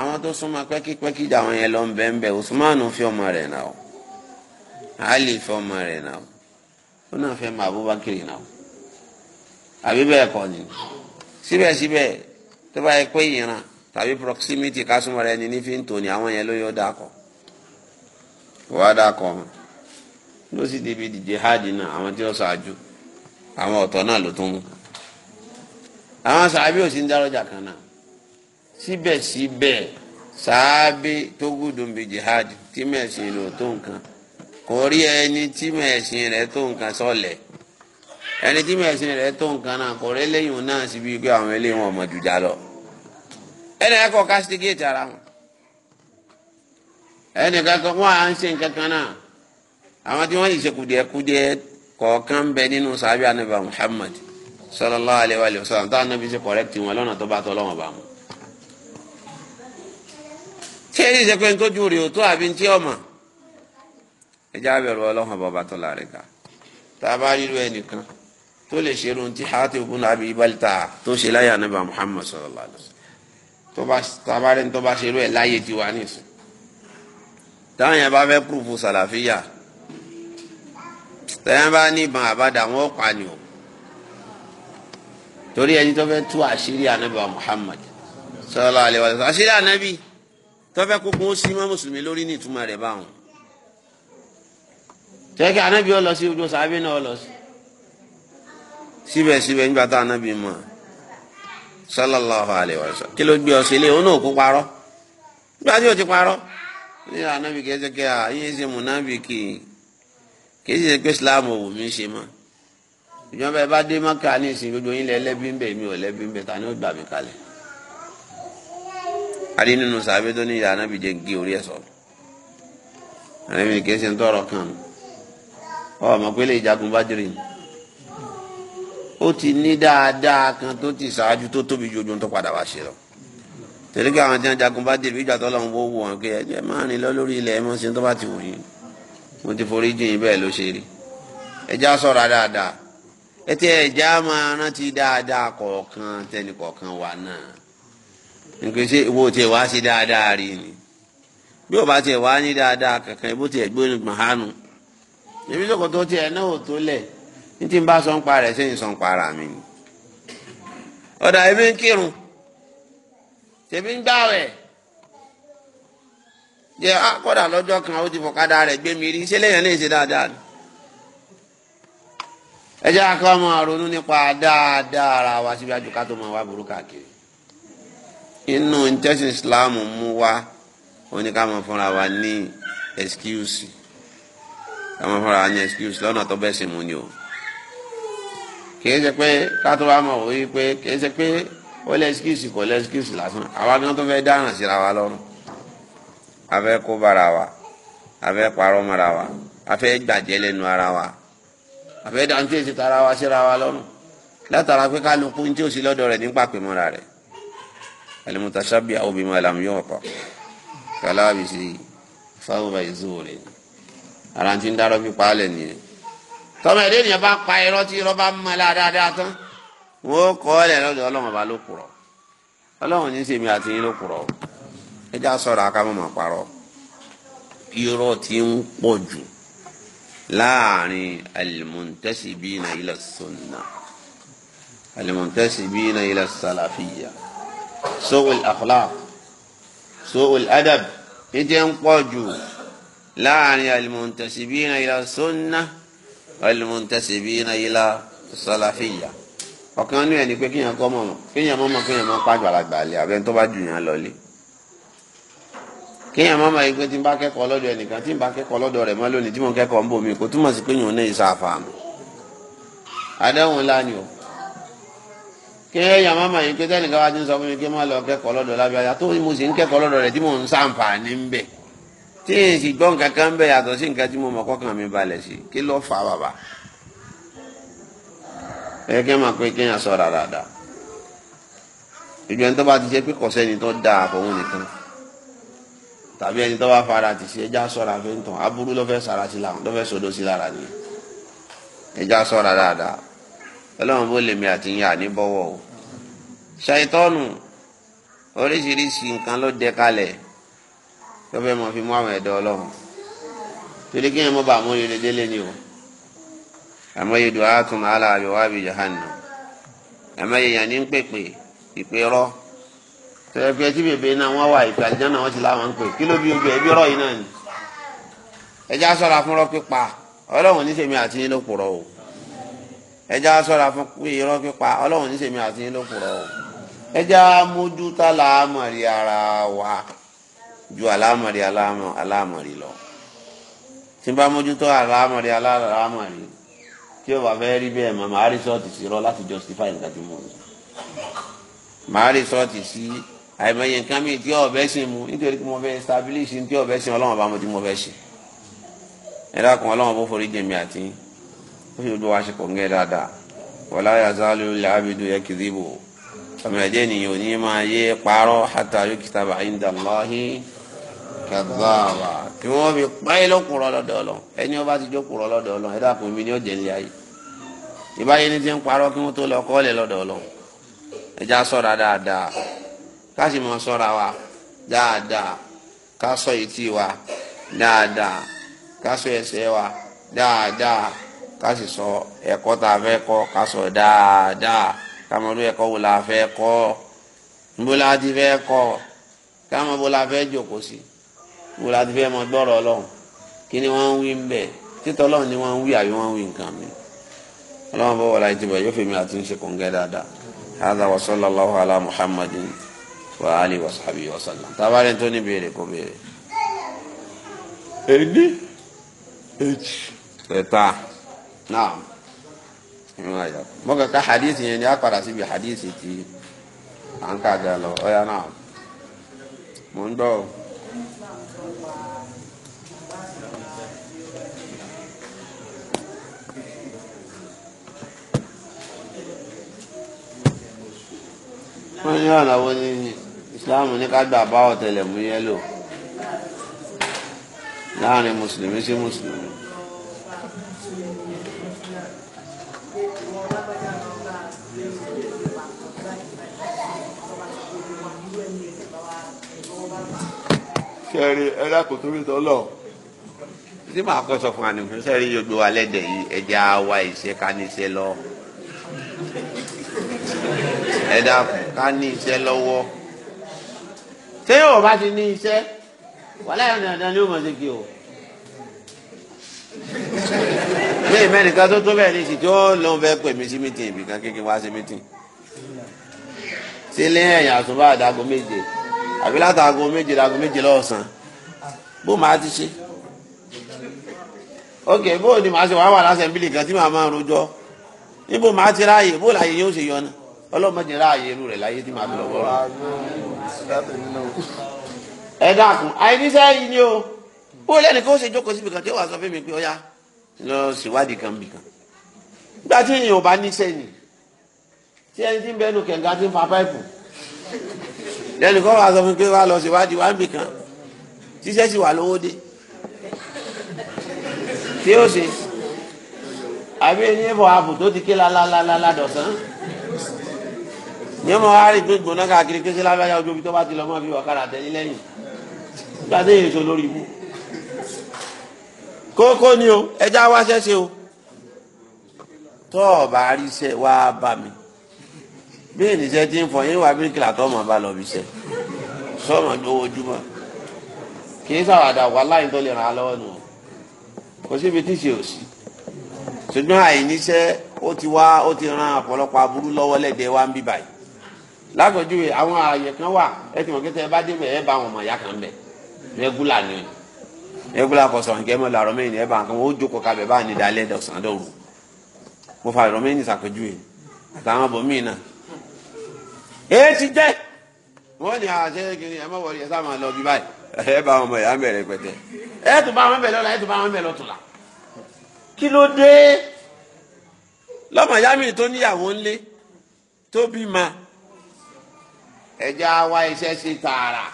àwọn tó súnmọ́ pẹ́kípẹ́kí jà wọn yẹn lọ ń bẹ́ẹ̀ ń bẹ́ẹ̀ Usman fi ọmọ rẹ̀ náà Ali fi ọmọ rẹ̀ náà ó náà fẹ́ mọ Abubakar náà. àbí bẹ́ẹ̀ kọ́ ni síbẹ̀síbẹ̀ tó bá yẹ pé ìran tàbí proximity kásùmọ̀ rẹ ni ní fi ń tò ní àwọn yẹn ló yọ dákọ̀ wàá dákọ̀ ló sì débi dìde háàdì náà àwọn tí ó ṣáájú àwọn ọ̀tọ̀ náà ló tún mú àwọn sàábì ò sí ń kan náà síbẹ̀síbẹ̀ sàábì tó ẹni tí mẹ̀sìn rẹ̀ tó nǹkan náà kò rẹ́ lẹ́yìn náà síbi pé àwọn eléyìí wọn mọ̀ jùjà lọ ẹni ẹ̀kọ́ castigate ara wọn ẹni kankan wọn à ń ṣe nǹkan kan náà àwọn tí wọ́n yìí ṣe kùdìẹ̀kudìẹ kọ̀ọ̀kan bẹ nínú sàbí anábà Muhammad sallallahu alayhi wa sallam táwọn anábì ṣe correct wọn lọ́nà tó bá tọ́ lọ́wọ́ bá mu kéèrè ṣe pé ntójú rè ó tó àbí ntí ọmọ ẹjẹ abẹ̀rù Ọlọ́run bọba tó láre ká tá a bá ríru ẹnìkan tó lè ṣe irun tí Hatib ibn Abi Balta'a tó ṣe láyé anábà Muhammad sallallahu alaihi wasallam tó bá tabarẹ́ ní tó bá ṣe irú ẹ̀ láyé tiwa nìsín táwọn yẹn bá fẹ́ púrúfù sàlàfíà tẹ́yìn bá ní ìbọn àbádà wọn pa ni o torí ẹni tó fẹ́ tú àṣírí anábà Muhammad sallallahu alaihi wasallam àṣírí anábì tó fẹ́ kókó ó sí mọ́ mùsùlùmí lórí ní ìtumọ̀ rẹ̀ báwọn tẹ́kẹ́ anábì ó lọ sí ojú sàábì náà ó lọ sí síbẹ̀síbẹ̀ nígbà tá ànábì mọ̀ sallallahu alayhi kí ló gbé ọ ilé òun náà parọ́ nígbà tí o ti parọ́ ní ànábì kìí ṣe kí a yín ṣe mùnábì kì í kìí ṣe pé islam ò wù mí ṣe mọ́ ìjọba ẹ bá dé mọ́kà ní ìsìn gbogbo yín lẹ lẹ́bí ń bẹ̀ mi ò lẹ́bí ń bẹ̀ ta ni ó gbà mí kalẹ̀ adi nínú sàbẹ tó ní ìyá ànábì jẹ gé orí ẹ sọ̀rọ̀ ànábì kìí ń tọrọ kan ọ ó ti ní dáadáa kan tó ti ṣáájú tó tóbi ju ojú tó padà wá ṣe lọ torí kí àwọn tí wọn jagun bá dèbí ìjà tó lọ́wọ́ wò wọn pé ẹjẹ máa rìn lọ lórí ilẹ̀ ẹ mọ́ tó bá ti wù yín mo ti forí jìn yín bẹ́ẹ̀ ló ṣe rí ẹjá sọ̀rọ̀ dáadáa ẹ ti ẹjá máa rántí dáadáa kọ̀ọ̀kan tẹnì kọ̀ọ̀kan wà náà nígbà tí ìwọ tiẹ̀ wá sí dáadáa rí ni bí o bá tiẹ̀ wá ní dáadáa kankan ìbò tiẹ̀ gbóni gbọ̀n hánu ìbí sọ̀kọ̀ tó tiẹ̀ náà ò tó lẹ̀ ní tí n bá sọ ń pa rẹ̀ ṣé n sọ ń pa ara mi ni ọ̀dà ẹ̀mí ń kírun tèmi ń gbàwẹ̀ jẹ́ akọ́dà ah, lọ́jọ́ kan ó ti fọ̀kadà rẹ̀ gbé mi rí ṣé lẹ́yìn lè ṣe dáadáa ni ẹ jẹ́ akọ́ máa ronú nípa dáadáa ara wa síbi àjùká tó máa wá burú káàkiri inú ìtẹ́sìn Islam mú wa oníkàmọ́ fúnra wa ní ẹ̀skíùsì kàmọ́ fúnra wa ní ẹ̀skíùsì lọ́nà tó bẹ́ẹ̀ sì mú ni o kì í ṣe pé ká tó wá mọ̀ wò yí pé kì í ṣe pé ó lẹ́síkìsì kò lẹ́síkìsì lásán àwa ni tó fẹ́ dáràn síra wa lọ́rùn afẹ́ kó bára wa afẹ́ parọ́ mọ́ra wa afẹ́ gbàjẹ́ lẹ́nu ara wa afẹ́ dantí èsì tara wa síra wa lọ́rùn látara pé kálukú ní tí ó sì lọ́dọ̀ rẹ̀ nípa pè mọ́ra rẹ̀ al-mutashabbihu bima lam yu'ta kalabisi thawba zuhrin ara ti ń dárọ́ pípa alẹ́ nìyẹn tọ́mọ ẹ̀dẹ́ ènìyàn bá pa irọ́ tí irọ́ bá ń mọ dáadáa tán wọ́n kọ́ ẹ̀ lọ́dọ̀ ọlọ́run bá ló kùrọ̀ ọlọ́run ní sèmi àti yín ló kùrọ̀ ẹja sọ̀rọ̀ akámọ̀mọ̀ parọ́ irọ́ ti ń pọ̀ jù láàrin alimuntasibina ila sunna alimuntasibina ila salafiya sowul akhlaq sowul adab ní ti ń pọ̀ jù láàrin alimuntasibina ila sunna alimuntasibina ila salafiya ọ̀kan ní ẹni pé kéèyàn kọ́ mọ̀mọ́ kéèyàn mọ̀mọ́ kéèyàn mọ̀ pa àgbàlagbà lé abẹ́ni tó bá jù yàn lọ lé kéèyàn mọ̀mọ́ yìí pé tí n bá kẹ́kọ̀ọ́ lọ́dọ̀ ẹnìkan tí n bá kẹ́kọ̀ọ́ lọ́dọ̀ rẹ̀ mọ́ lónìí tí mo kẹ́kọ̀ọ́ ń bò mí kò túmọ̀ sí pé yàn ní ìsà àfààmù àdéhùn ńlá ni o kéèyàn mọ̀mọ́ yìí pé tẹ́nìkan wá ti ń sọ fún mi kí n má lọ kẹ́kọ̀ọ́ lọ́dọ̀ lábẹ́ tí n sì gbọ́ nǹkan kan bẹ́ẹ̀ yàtọ̀ sí nǹkan tí mo mọ̀ kọ́kàn mi balẹ̀ sí kí ló fà á bàbá. ẹ kí n máa pe kéèyàn sọ rárá dà ìjọ ẹni tó bá ti ṣe pé kọ̀sẹ́ ẹni tó dáa fòun nìkan tàbí ẹni tó bá fara ti ṣe ẹja sọ̀rọ̀ àfi ń tàn aburú ló fẹ́ sara sí làwọn ló fẹ́ sodo sí lára ni ẹja sọ̀rọ̀ dáadáa ọlọ́run bó lèmi àti yín àní bọ́wọ́ o ṣàìtọ́nù oríṣiríṣi nǹkan ló dẹ kalẹ̀ lọ́fẹ́ mọ̀ fi mú àwọn ẹ̀dọ́ ọlọ́run torí kí ẹ̀ mọ́ bá mú ni o àmọ́ yìí dùn áàtún àlà àbíwá àbí jahanna àmọ́ yìí yàn ní ń pèpè ìpè rọ́ pé tí bèbè náà wọ́n wà ìpè náà wọ́n ti láwọn ń pè kí ló bí ojú ẹbí rọ́ yìí náà ni ẹja fún ọlọ́run ní sèmi àti yín ló o ẹja fún ọlọ́run ní sèmi àti yín ju alámọ̀rí alámọ̀rí lọ tí n bá mójútó alamari alámọ̀rí tí o bá fẹ́ rí bẹ́ẹ̀ mọ̀ màá rí sọ́ọ̀tì sí rọ láti justify nǹkan tí mo rí màá rí sọ́ọ̀tì sí àìmọye nǹkan mi tí ọ̀bẹ sìn mu nítorí pé mo fẹ́ establish tí ọ̀bẹ sìn ọlọ́wọ́n bá mo ti mo fẹ́ ṣe ẹ dákun ọlọ́wọ́n bó forí jẹ̀mí àti ó fi gbogbo wa ṣe kọ̀ǹgẹ́ dáadáa wala yazalu al-abidu yakdhibu ọmọ ẹ̀jẹ̀ nìyẹn ò ní máa yé parọ́ hatta yuktaba inda Allahi. kàdáàbà tí wọ́n fi páyé lọ́kùnrọ̀ lọ́dọ̀ ọlọ́run ẹni ọba ti lọ́dọ̀ ọlọ́run ni ó jẹ́ ayé ni ti ń parọ́ kí wọ́n tó lọ kọ́ọ̀lẹ̀ lọ́dọ̀ ọlọ́run ẹja ṣọ́ra dáadáa ká sì mọ ṣọ́ra wa dáadáa ká ṣọ́ etí wa dáadáa ká ṣọ́ ẹsẹ̀ wa dáadáa ká sì ṣọ́ ẹ̀kọ́ tá a fẹ́ kọ́ ká ṣọ́ dáadáa ká mọ irú ẹ̀kọ́ la fẹ́ kọ́ níbo la ti fẹ́ kọ́ ká mọ la fẹ́ wò láti fẹ́ mọ gbọ́rọ̀ ọlọ́run kí ni wọ́n ń wí ń títọ́ ọlọ́run ni wọ́n ń wí àbí wọ́n ń wí nǹkan mi ọlọ́run yóò àti ń ala muhammadin wa ali wa sahbihi wa sallam tabaare tó ní béèrè kó béèrè. èdè èjì ẹ̀ta náà mọ̀kà ká hadith yẹn ni a padà síbi hadith ti à ń kà lọ náà ń gbọ́ wọ́n ní ọ̀nà wo ni Islam ní ká gbà bá ọ̀tẹlẹ̀múyẹ́ lò láàrin mùsùlùmí sí mùsùlùmí. sẹ́rí ẹ̀rá kò tóbi tọ́lọ̀. tí màá kọ́ sọ fún àná sẹ́rí yóò gbé wa lẹ́dẹ̀ẹ́ yìí ẹ̀jẹ̀ àwa ìṣe ká ní í lọ ẹ dákun ká ní iṣẹ́ lọ́wọ́ téèyàn ò bá ti ní iṣẹ́ wàhálà yẹn dandan ni ó mọ̀ ṣe kí o ní ìmẹ́nìkan tó tó bẹ́ẹ̀ ní ìsì tí ó lóun fẹ́ pè mí sí mítìn ibìkan kékeré wá sí mítìn sílé ẹ̀yìn àtúbà àdágo méje àbí látàgo méje lágo méje lọ́sàn bó máa ti ṣe ok bó ni màá ṣe wàá wà lásán bílì kan tí màá máa rojọ́ níbo màá ti ráàyè bó láàyè yóò ṣe yọ náà ọlọ́mọdé ráàyè irú rẹ̀ láyé tí màá fi lọ́wọ́ rẹ̀. ẹ dákun àìníṣẹ́ yìí ni o bó o lẹ́nu kí ó ṣe jókòó síbi kan tí ó wàá sọ fún mi pé ó yá lọ síwádìí kan bì kan nígbà tí èèyàn bá níṣẹ́ ni tí ẹni tí ń bẹnu kẹ̀ǹgà ti ń fa páìpù lẹ́nu kọ́ wàá sọ fún mi pé wàá lọ síwádìí wàá bì kan ṣíṣẹ́ sì wà lówó dé tí ó ṣe àbí ẹni ẹ̀fọ́ ààbò ti ké lálálálá dọ̀sán yẹn mọ ari tó gbóná káàkiri kékeré lábẹ́yà ojú omi tó bá ti lọ mọ́ fi ọ̀kadà tẹ̀lé lẹ́yìn nígbà tó yẹn lórí ibú. kókó ni o ẹja wá ṣẹ́ṣe o tó o bá rí iṣẹ́ wá bá mi bí ènìṣẹ́ ti ń fọ yín wá bíríkìlà tó ọmọ bá lọ bí iṣẹ́ sọ́ọ̀mọ̀ gbowó ojúmọ́ kì í sàwádà wà láyé tó lè ràn án lọ́wọ́ nù kò síbi tí ṣe ò sí ṣùgbọ́n àìníṣẹ́ ó ti wá ó ti ran ọ̀pọ̀lọpọ̀ aburú lọ́wọ́ lẹ́gbẹ̀ẹ́ wa ń bí báyìí lágbàjúwe àwọn ààyè kan wà ẹ ti mọ̀ kí tẹ ẹ bá dé bẹ̀ ẹ bá àwọn ọmọ ìyá kan bẹ̀ rẹ́gúlà ni rẹ́gúlà kọ sọ̀rọ̀ nkẹ́ mọ́ làrọ̀ mẹ́yìn ẹ bá nǹkan wọ́n ó jókòó kabẹ̀ bá ní dalẹ́ dọ̀sán dọ̀rù mo fa àrọ̀ mẹ́yìn sàpèjúwe àtàwọn ọbọ̀ míì náà. ẹ ti jẹ́ wọ́n ní àṣẹ ah, kiri ẹ mọ̀ wọlé ẹ sá máa lọ bí báyìí ẹ bá ọmọ ìyá mẹ́rẹ̀ pẹ̀tẹ́ ẹ tún bá wọn bẹ̀ lọ́la ẹ tún bá wọn bẹ̀ lọ́tùlá kí ló dé lọ́mọ ìyá mi tó níyàwó ńlé tó bí ma ẹ̀jẹ̀ àwa iṣẹ́ ṣe tààrà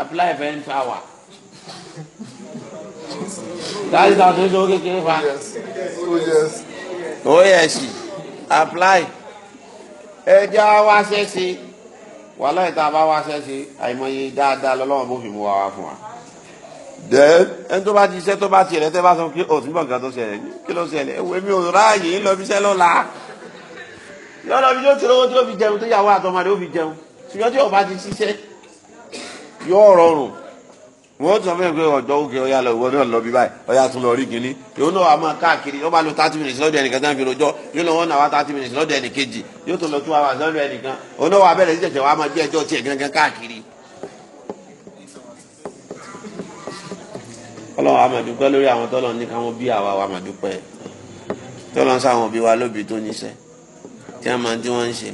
apply bẹ́ẹ̀ tàwa. láti ta tó ṣe ó kékeré fa oyè oh, oh, sí apply ẹ̀jẹ̀ àwa ṣe ṣe wàhálà ìta bá wá ṣe ṣe àìmọye dáadáa lọ́lọ́wọ́n bó fi mú wa wá fún wa dẹ ẹni tó bá ti iṣẹ́ tó bá ti rẹ tẹ bá sọ pé o tún bọ nǹkan tó ṣẹlẹ̀ kí ló ṣẹlẹ̀ ewu èmi ò ráàyè ńlọbi iṣẹ́ lọ́la yọlọbi yóò ti rówó tí ó fi jẹun tó yàwó àtọmọdé ó fi jẹun ṣùgbọ́n tí ọba ti ṣiṣẹ́ yóò rọrùn wọ́n tún fẹ́ pé ọ̀dọ́ òkè ọ̀yà lọ ìwọ náà lọ bí báyìí ọ̀yà tún lọ rí kínní yóò náà wà máa káàkiri yóò bá lo thirty minutes lọ́dọ̀ ẹnìkan tán fi rojọ́ yóò lọ wọ́n náà wá thirty minutes lọ́dọ̀ ẹnìkejì yóò tún lọ two hours lọ́dọ̀ ẹnìkan òun náà wà bẹ̀rẹ̀ sí tẹ̀tẹ̀ wà máa gbé ẹjọ́ tiẹ̀ gángan káàkiri. ọlọ́run àmàdúpẹ́ lórí àwọn tọ́lọ́ ní káwọn bí àwa wà àmàdúpẹ́ tọ́lọ́ sáwọn òbí wa lóbi tó níṣẹ́ tí wọ́n máa ń tí wọ́n ń ṣe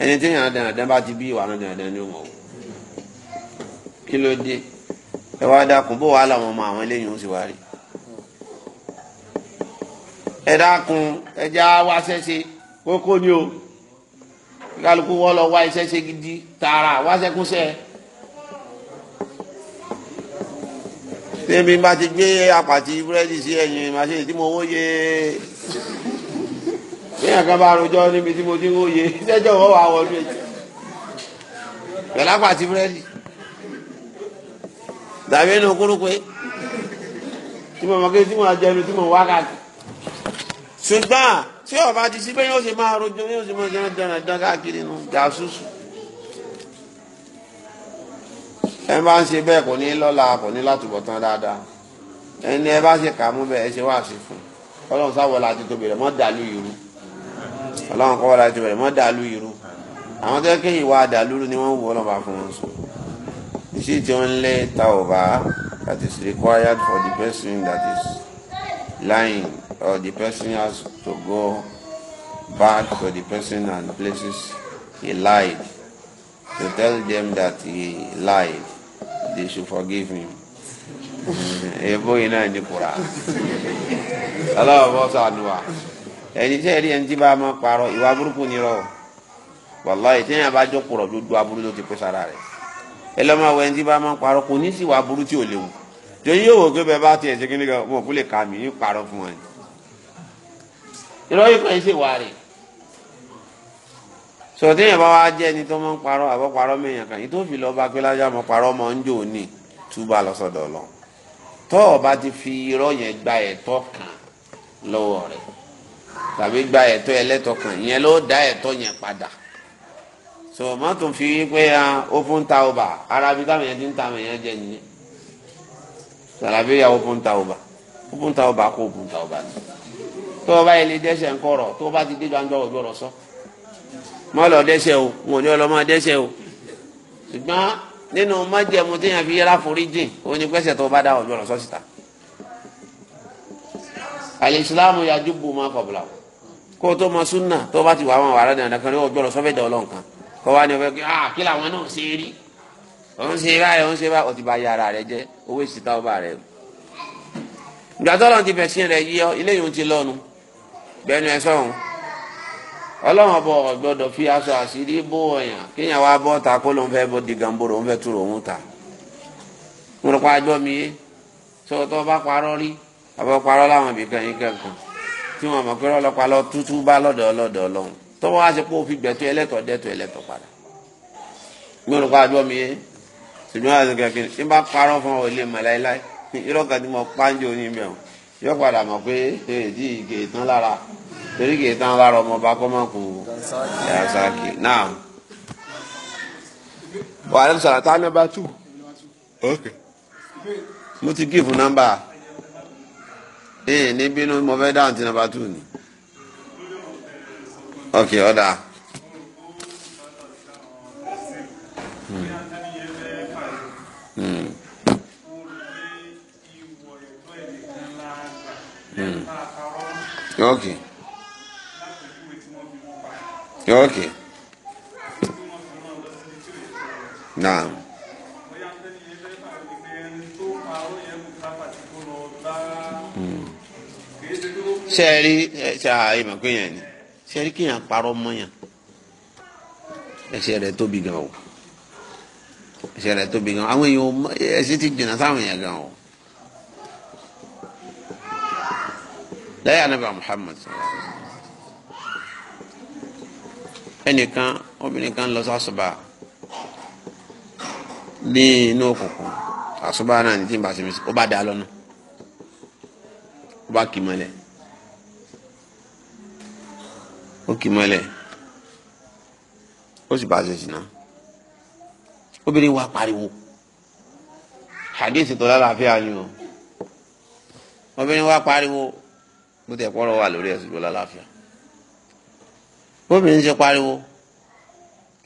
ẹni tí yàn dandan bá ti bí ìwà náà dandan ni ó mọ̀ wò kí ló dé ẹ wá dákun bó wàá làwọn ọmọ àwọn eléyìí ó sì wá rí ẹ dákun ẹ já wá ṣẹṣe kókó ni o kálukú wọ́n lọ wá iṣẹ́ ṣe gidi tààrà wá ṣẹ́kúnṣẹ́ tèmi bá ti gbé àpàtì búrẹ́dì sí ẹ̀yìn màṣẹ́ tí mo wó yé níyàn kan bá rojọ́ níbi tí mo ti ń wòye sẹ́jọ́ wọ́n wà wọlé pẹ̀lú àpàtì búrẹ́dì dàbí ẹni okúrúkú tí mo mọ̀ kí tí mo jẹnu tí mo wá káàkiri ṣùgbọ́n tí ọba ti sí bẹ́ẹ̀ yóò ṣe máa rojọ́ yóò ṣe máa jẹun jẹun jẹun káàkiri nù jàásùsù ẹ bá ń ṣe bẹ́ẹ̀ kò ní lọ́la kò ní látúbọ̀tán dáadáa ẹni ẹ bá ṣe kàmú bẹ́ẹ̀ ẹ ṣe wá sí fún ọlọ́run sáwọ́ la ti tóbi rẹ̀ mọ́ dàlú ìrú ọlọ́run kọ́ wọlé àjọyọ̀ mọ́ dàlú irú àwọn tó yẹ ìwà àdàlú ni wọ́n wù ọlọ́ba fún wọn sọ iṣẹ́ tí wọ́n lé ta ọba that is required for the person that is lying or the person has to go back to the person and places he lied to tell them that he lied they should forgive him èèbó (laughs) yìí náà ní kura (laughs) ọlọ́run bọ́ sọ àdúrà ẹni tí ẹrí ẹni tí bá máa parọ́ ìwà burúkú ni rọ wàláyé tí yẹn bá jọ pọrọ gbogbo aburú ló ti pé sára rẹ̀ ẹ lọ máa wọ ẹni tí bá máa parọ́ kò ní sí ìwà burú tí ò léwu tó yóò wò pé bẹ́ẹ̀ bá tiẹ̀ ṣe kíni kan wọn kò lè kà mí ní parọ́ fún wọn. irọ́ yìí kan ṣe wà rè sọ̀tí yẹn bá wá jẹ́ ẹni tó máa ń parọ́ àbọ̀ parọ́ mẹ́yàn tó fi ti fi irọ́ yẹn gba ẹ̀tọ́ kan lọ́wọ́ rẹ̀ tàbí gba ẹ̀tọ́ ẹlẹ́tọ̀ kan yẹn ló dá ẹ̀tọ́ yẹn padà so mọ́tò fi wípé ó fún ta ọba arabi táwọn yẹn ti ń ta àwọn yẹn jẹ nìyẹn sàlàbí yà ó fún ta ọba ó fún ta ọba kó ó fún ta ọba ni tó o bá yẹ lè dẹ́sẹ̀ ńkọ̀rọ̀ tó o bá ti dé gbàǹjọ́ òjò rọ̀ sọ mọ́ lọ dẹ́sẹ̀ o wọn ò ní ọlọ́mọ dẹ́sẹ̀ o ṣùgbọ́n nínú májẹ̀mú téèyàn fi yẹra forí òun ni pẹ́sẹ̀ tó o bá dá òjò rọ̀ sọ síta. So, alìsílámù yájú bu máa kọ̀bùlà kó o tó ma súnà tó bá ti wà wọn wàrà dandan kan ní o gbọ́dọ̀ sọ́fẹ̀ dọ̀ ọlọ́run kan kó wá ní o fẹ́ kí ah kí làwọn náà ṣe rí òun ṣe báyìí òun ṣe báyìí o ti ba yàrá rẹ jẹ owó ìsìta ọba rẹ o gbàtọ́ lọ́n ti bẹ̀ sí rẹ yíyọ ilé yìí ti lọ́nu bẹ́ẹ̀ni ẹ sọ̀hún ọlọ́run ọbọ̀ fi aṣọ àṣírí bó ọ̀yàn kéèyàn wá bọ́ ta kó ló ń fẹ́ bó di gàmbòrò ń fẹ́ túrò òun ta mo rò mi yé sọ tó bá àbọ̀parọ́ láwọn ibìkan yín kankan tí wọn mọ̀ pé ọlọ́pàá lọ tútú bá lọ́dọ̀ ọlọ́dọ̀ ọlọ́run tọ́wọ́ wá ṣe pé òfin gbẹ̀tọ́ ẹlẹ́tọ̀ dẹ́tọ̀ ẹlẹ́tọ̀ padà mi ò rò pa àjọ mi yé ṣùgbọ́n àti kẹ̀kẹ́ ní bá parọ́ fún ọ ilé mọ̀láíláí irọ́ kan tí mo pàǹjọ ní ibẹ̀ wọn yóò padà mọ̀ pé èdè ìgè tán lára torí ìgè tán lára ọmọọba kọ́mọ̀kù yasaki náà wàhálà sọ̀rọ̀ tá a mo ti gíìfù nọ́mbà ee eh, ní bínú mo fẹ́ dáhùn tí nọ́mbà tù ní. ok ọ̀dà. Hmm. Hmm. Hmm. ok ok. tí a yẹ mọ̀ pé yẹn ni sẹ́rí kéèyàn parọ́ mọ́ yàn ẹ̀ṣẹ̀ rẹ̀ tóbi gan o ẹ̀ṣẹ̀ rẹ̀ tóbi gan àwọn èèyàn ẹ̀ṣẹ̀ ti jìnnà sáwọn èèyàn gan o lẹ́yìn anábà Muhammad ẹnìkan obìnrin kan lọ sásùbà ní inú òkùnkùn àsùbà náà ní tí n bá ṣe mi ó bá dá lọ́nà ó bá kì í mọ́lẹ̀. kì mọ́lẹ̀ ó sì bá a ṣe ṣìnà obìnrin wa pariwo hadith tó lálàáfíà ni o obìnrin wa pariwo bó tẹ kọ́rọ̀ wà lórí ẹ̀sùn tó lálàáfíà obìnrin ṣe pariwo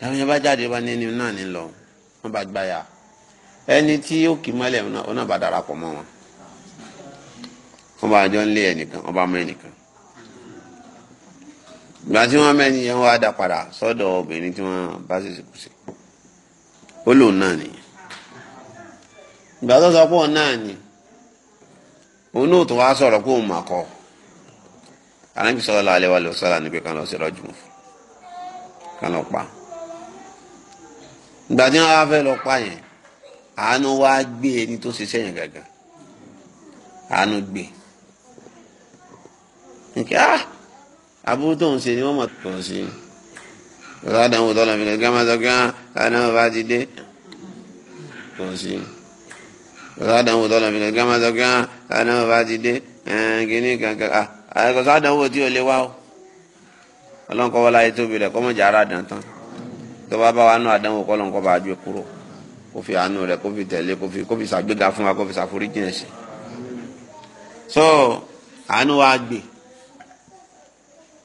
làwọn yẹn bá jáde bá ní ẹni náà ní lọ wọn bá gbáyà ẹni tí ó kì mọ́lẹ̀ náà ó náà bá darapọ̀ mọ́ wọn wọn bá jọ ń lé ẹnìkan wọn bá mọ ẹnìkan ìgbà tí wọ́n mẹ́ni yẹn wá dá padà sọ́dọ̀ obìnrin tí wọ́n bá sì kù sí ó lòun náà ni ìgbà tó sọ pé òun náà ni òun náà tó wá sọ̀rọ̀ pé òun mà kọ́ anábì sallallahu alaihi wa sallam ni pé kàn lọ sí kàn lọ pa ìgbà tí fẹ́ lọ pa yẹn àánú wá aburú tó ń ṣe ni wọ́n mọ̀ tó ń ṣe ọ̀rọ̀ àdánwò tọ́lọ̀ mi lẹ́gbẹ́ máa sọ pé àdánwò ah, bá ti dé tó ń ṣe ọ̀rọ̀ àdánwò tọ́lọ̀ mi lẹ́gbẹ́ máa sọ pé àdánwò ah, bá ti dé kíní kankan àyẹ̀kọ̀sọ́ ah, àdánwò tí ò lè wá o ọlọ́nkọ́ wọlé ayé tóbi rẹ̀ kọ́mọ̀jà ara dàn tán tó bá bá wa nù àdánwò kọ́ lọ́nkọ́ bá ju kúrò kó fi àánú rẹ̀ kó fi tẹ̀lé kó fi kó fi ṣàgbéga fún wa kó fi ṣàforíjì ẹ̀ṣẹ̀ so àánú wa gbè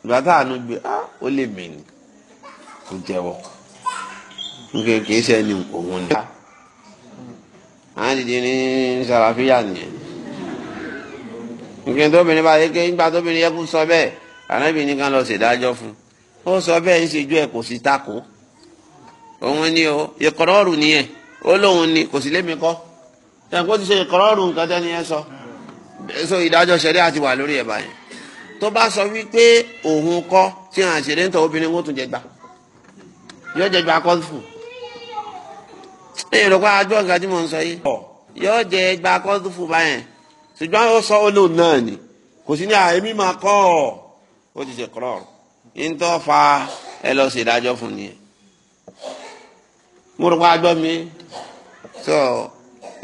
ìgbà tá àánú gbé á ó lè mí ni kò jẹ́wọ́ nké kì í ṣe ẹni òun ni. àwọn dìde ní sàràfíà nìyẹn nké tóbìnrin bá yẹ kí nígbà tóbìnrin yẹ kó sọ bẹ́ẹ̀ arábìnrin kan lọ ṣèdájọ́ fún ó sọ bẹ́ẹ̀ ń ṣèjú ẹ̀ kò sí takò òun ni o ìkọrọrù nìyẹn ó lóun ni kò sí lémi kọ́ ẹ̀ kó ti ṣe ìkọrọrù nǹkan tẹ́ni yẹn sọ ìdájọ́ ṣẹlẹ̀ àti wà lórí ẹ̀ báyìí tó bá sọ wípé òun kọ́ tí àwọn àṣírí ń tọ́ obìnrin wọn tún jẹgba yóò jẹgba kọ́ńfù ẹ̀yìn lọ́pọ̀ àjọ nǹkan tí mò ń sọ yìí yóò jẹgba kọ́ńfù báyẹn ṣùgbọ́n ó sọ olóò náà ni kò sí ní àyèmí máa kọ́ ọ ó ti ṣe kúrọ̀ ń tọ́ fa ẹ lọ sí ìdájọ́ fún nìyẹn mo rò pé àjọ mi sọ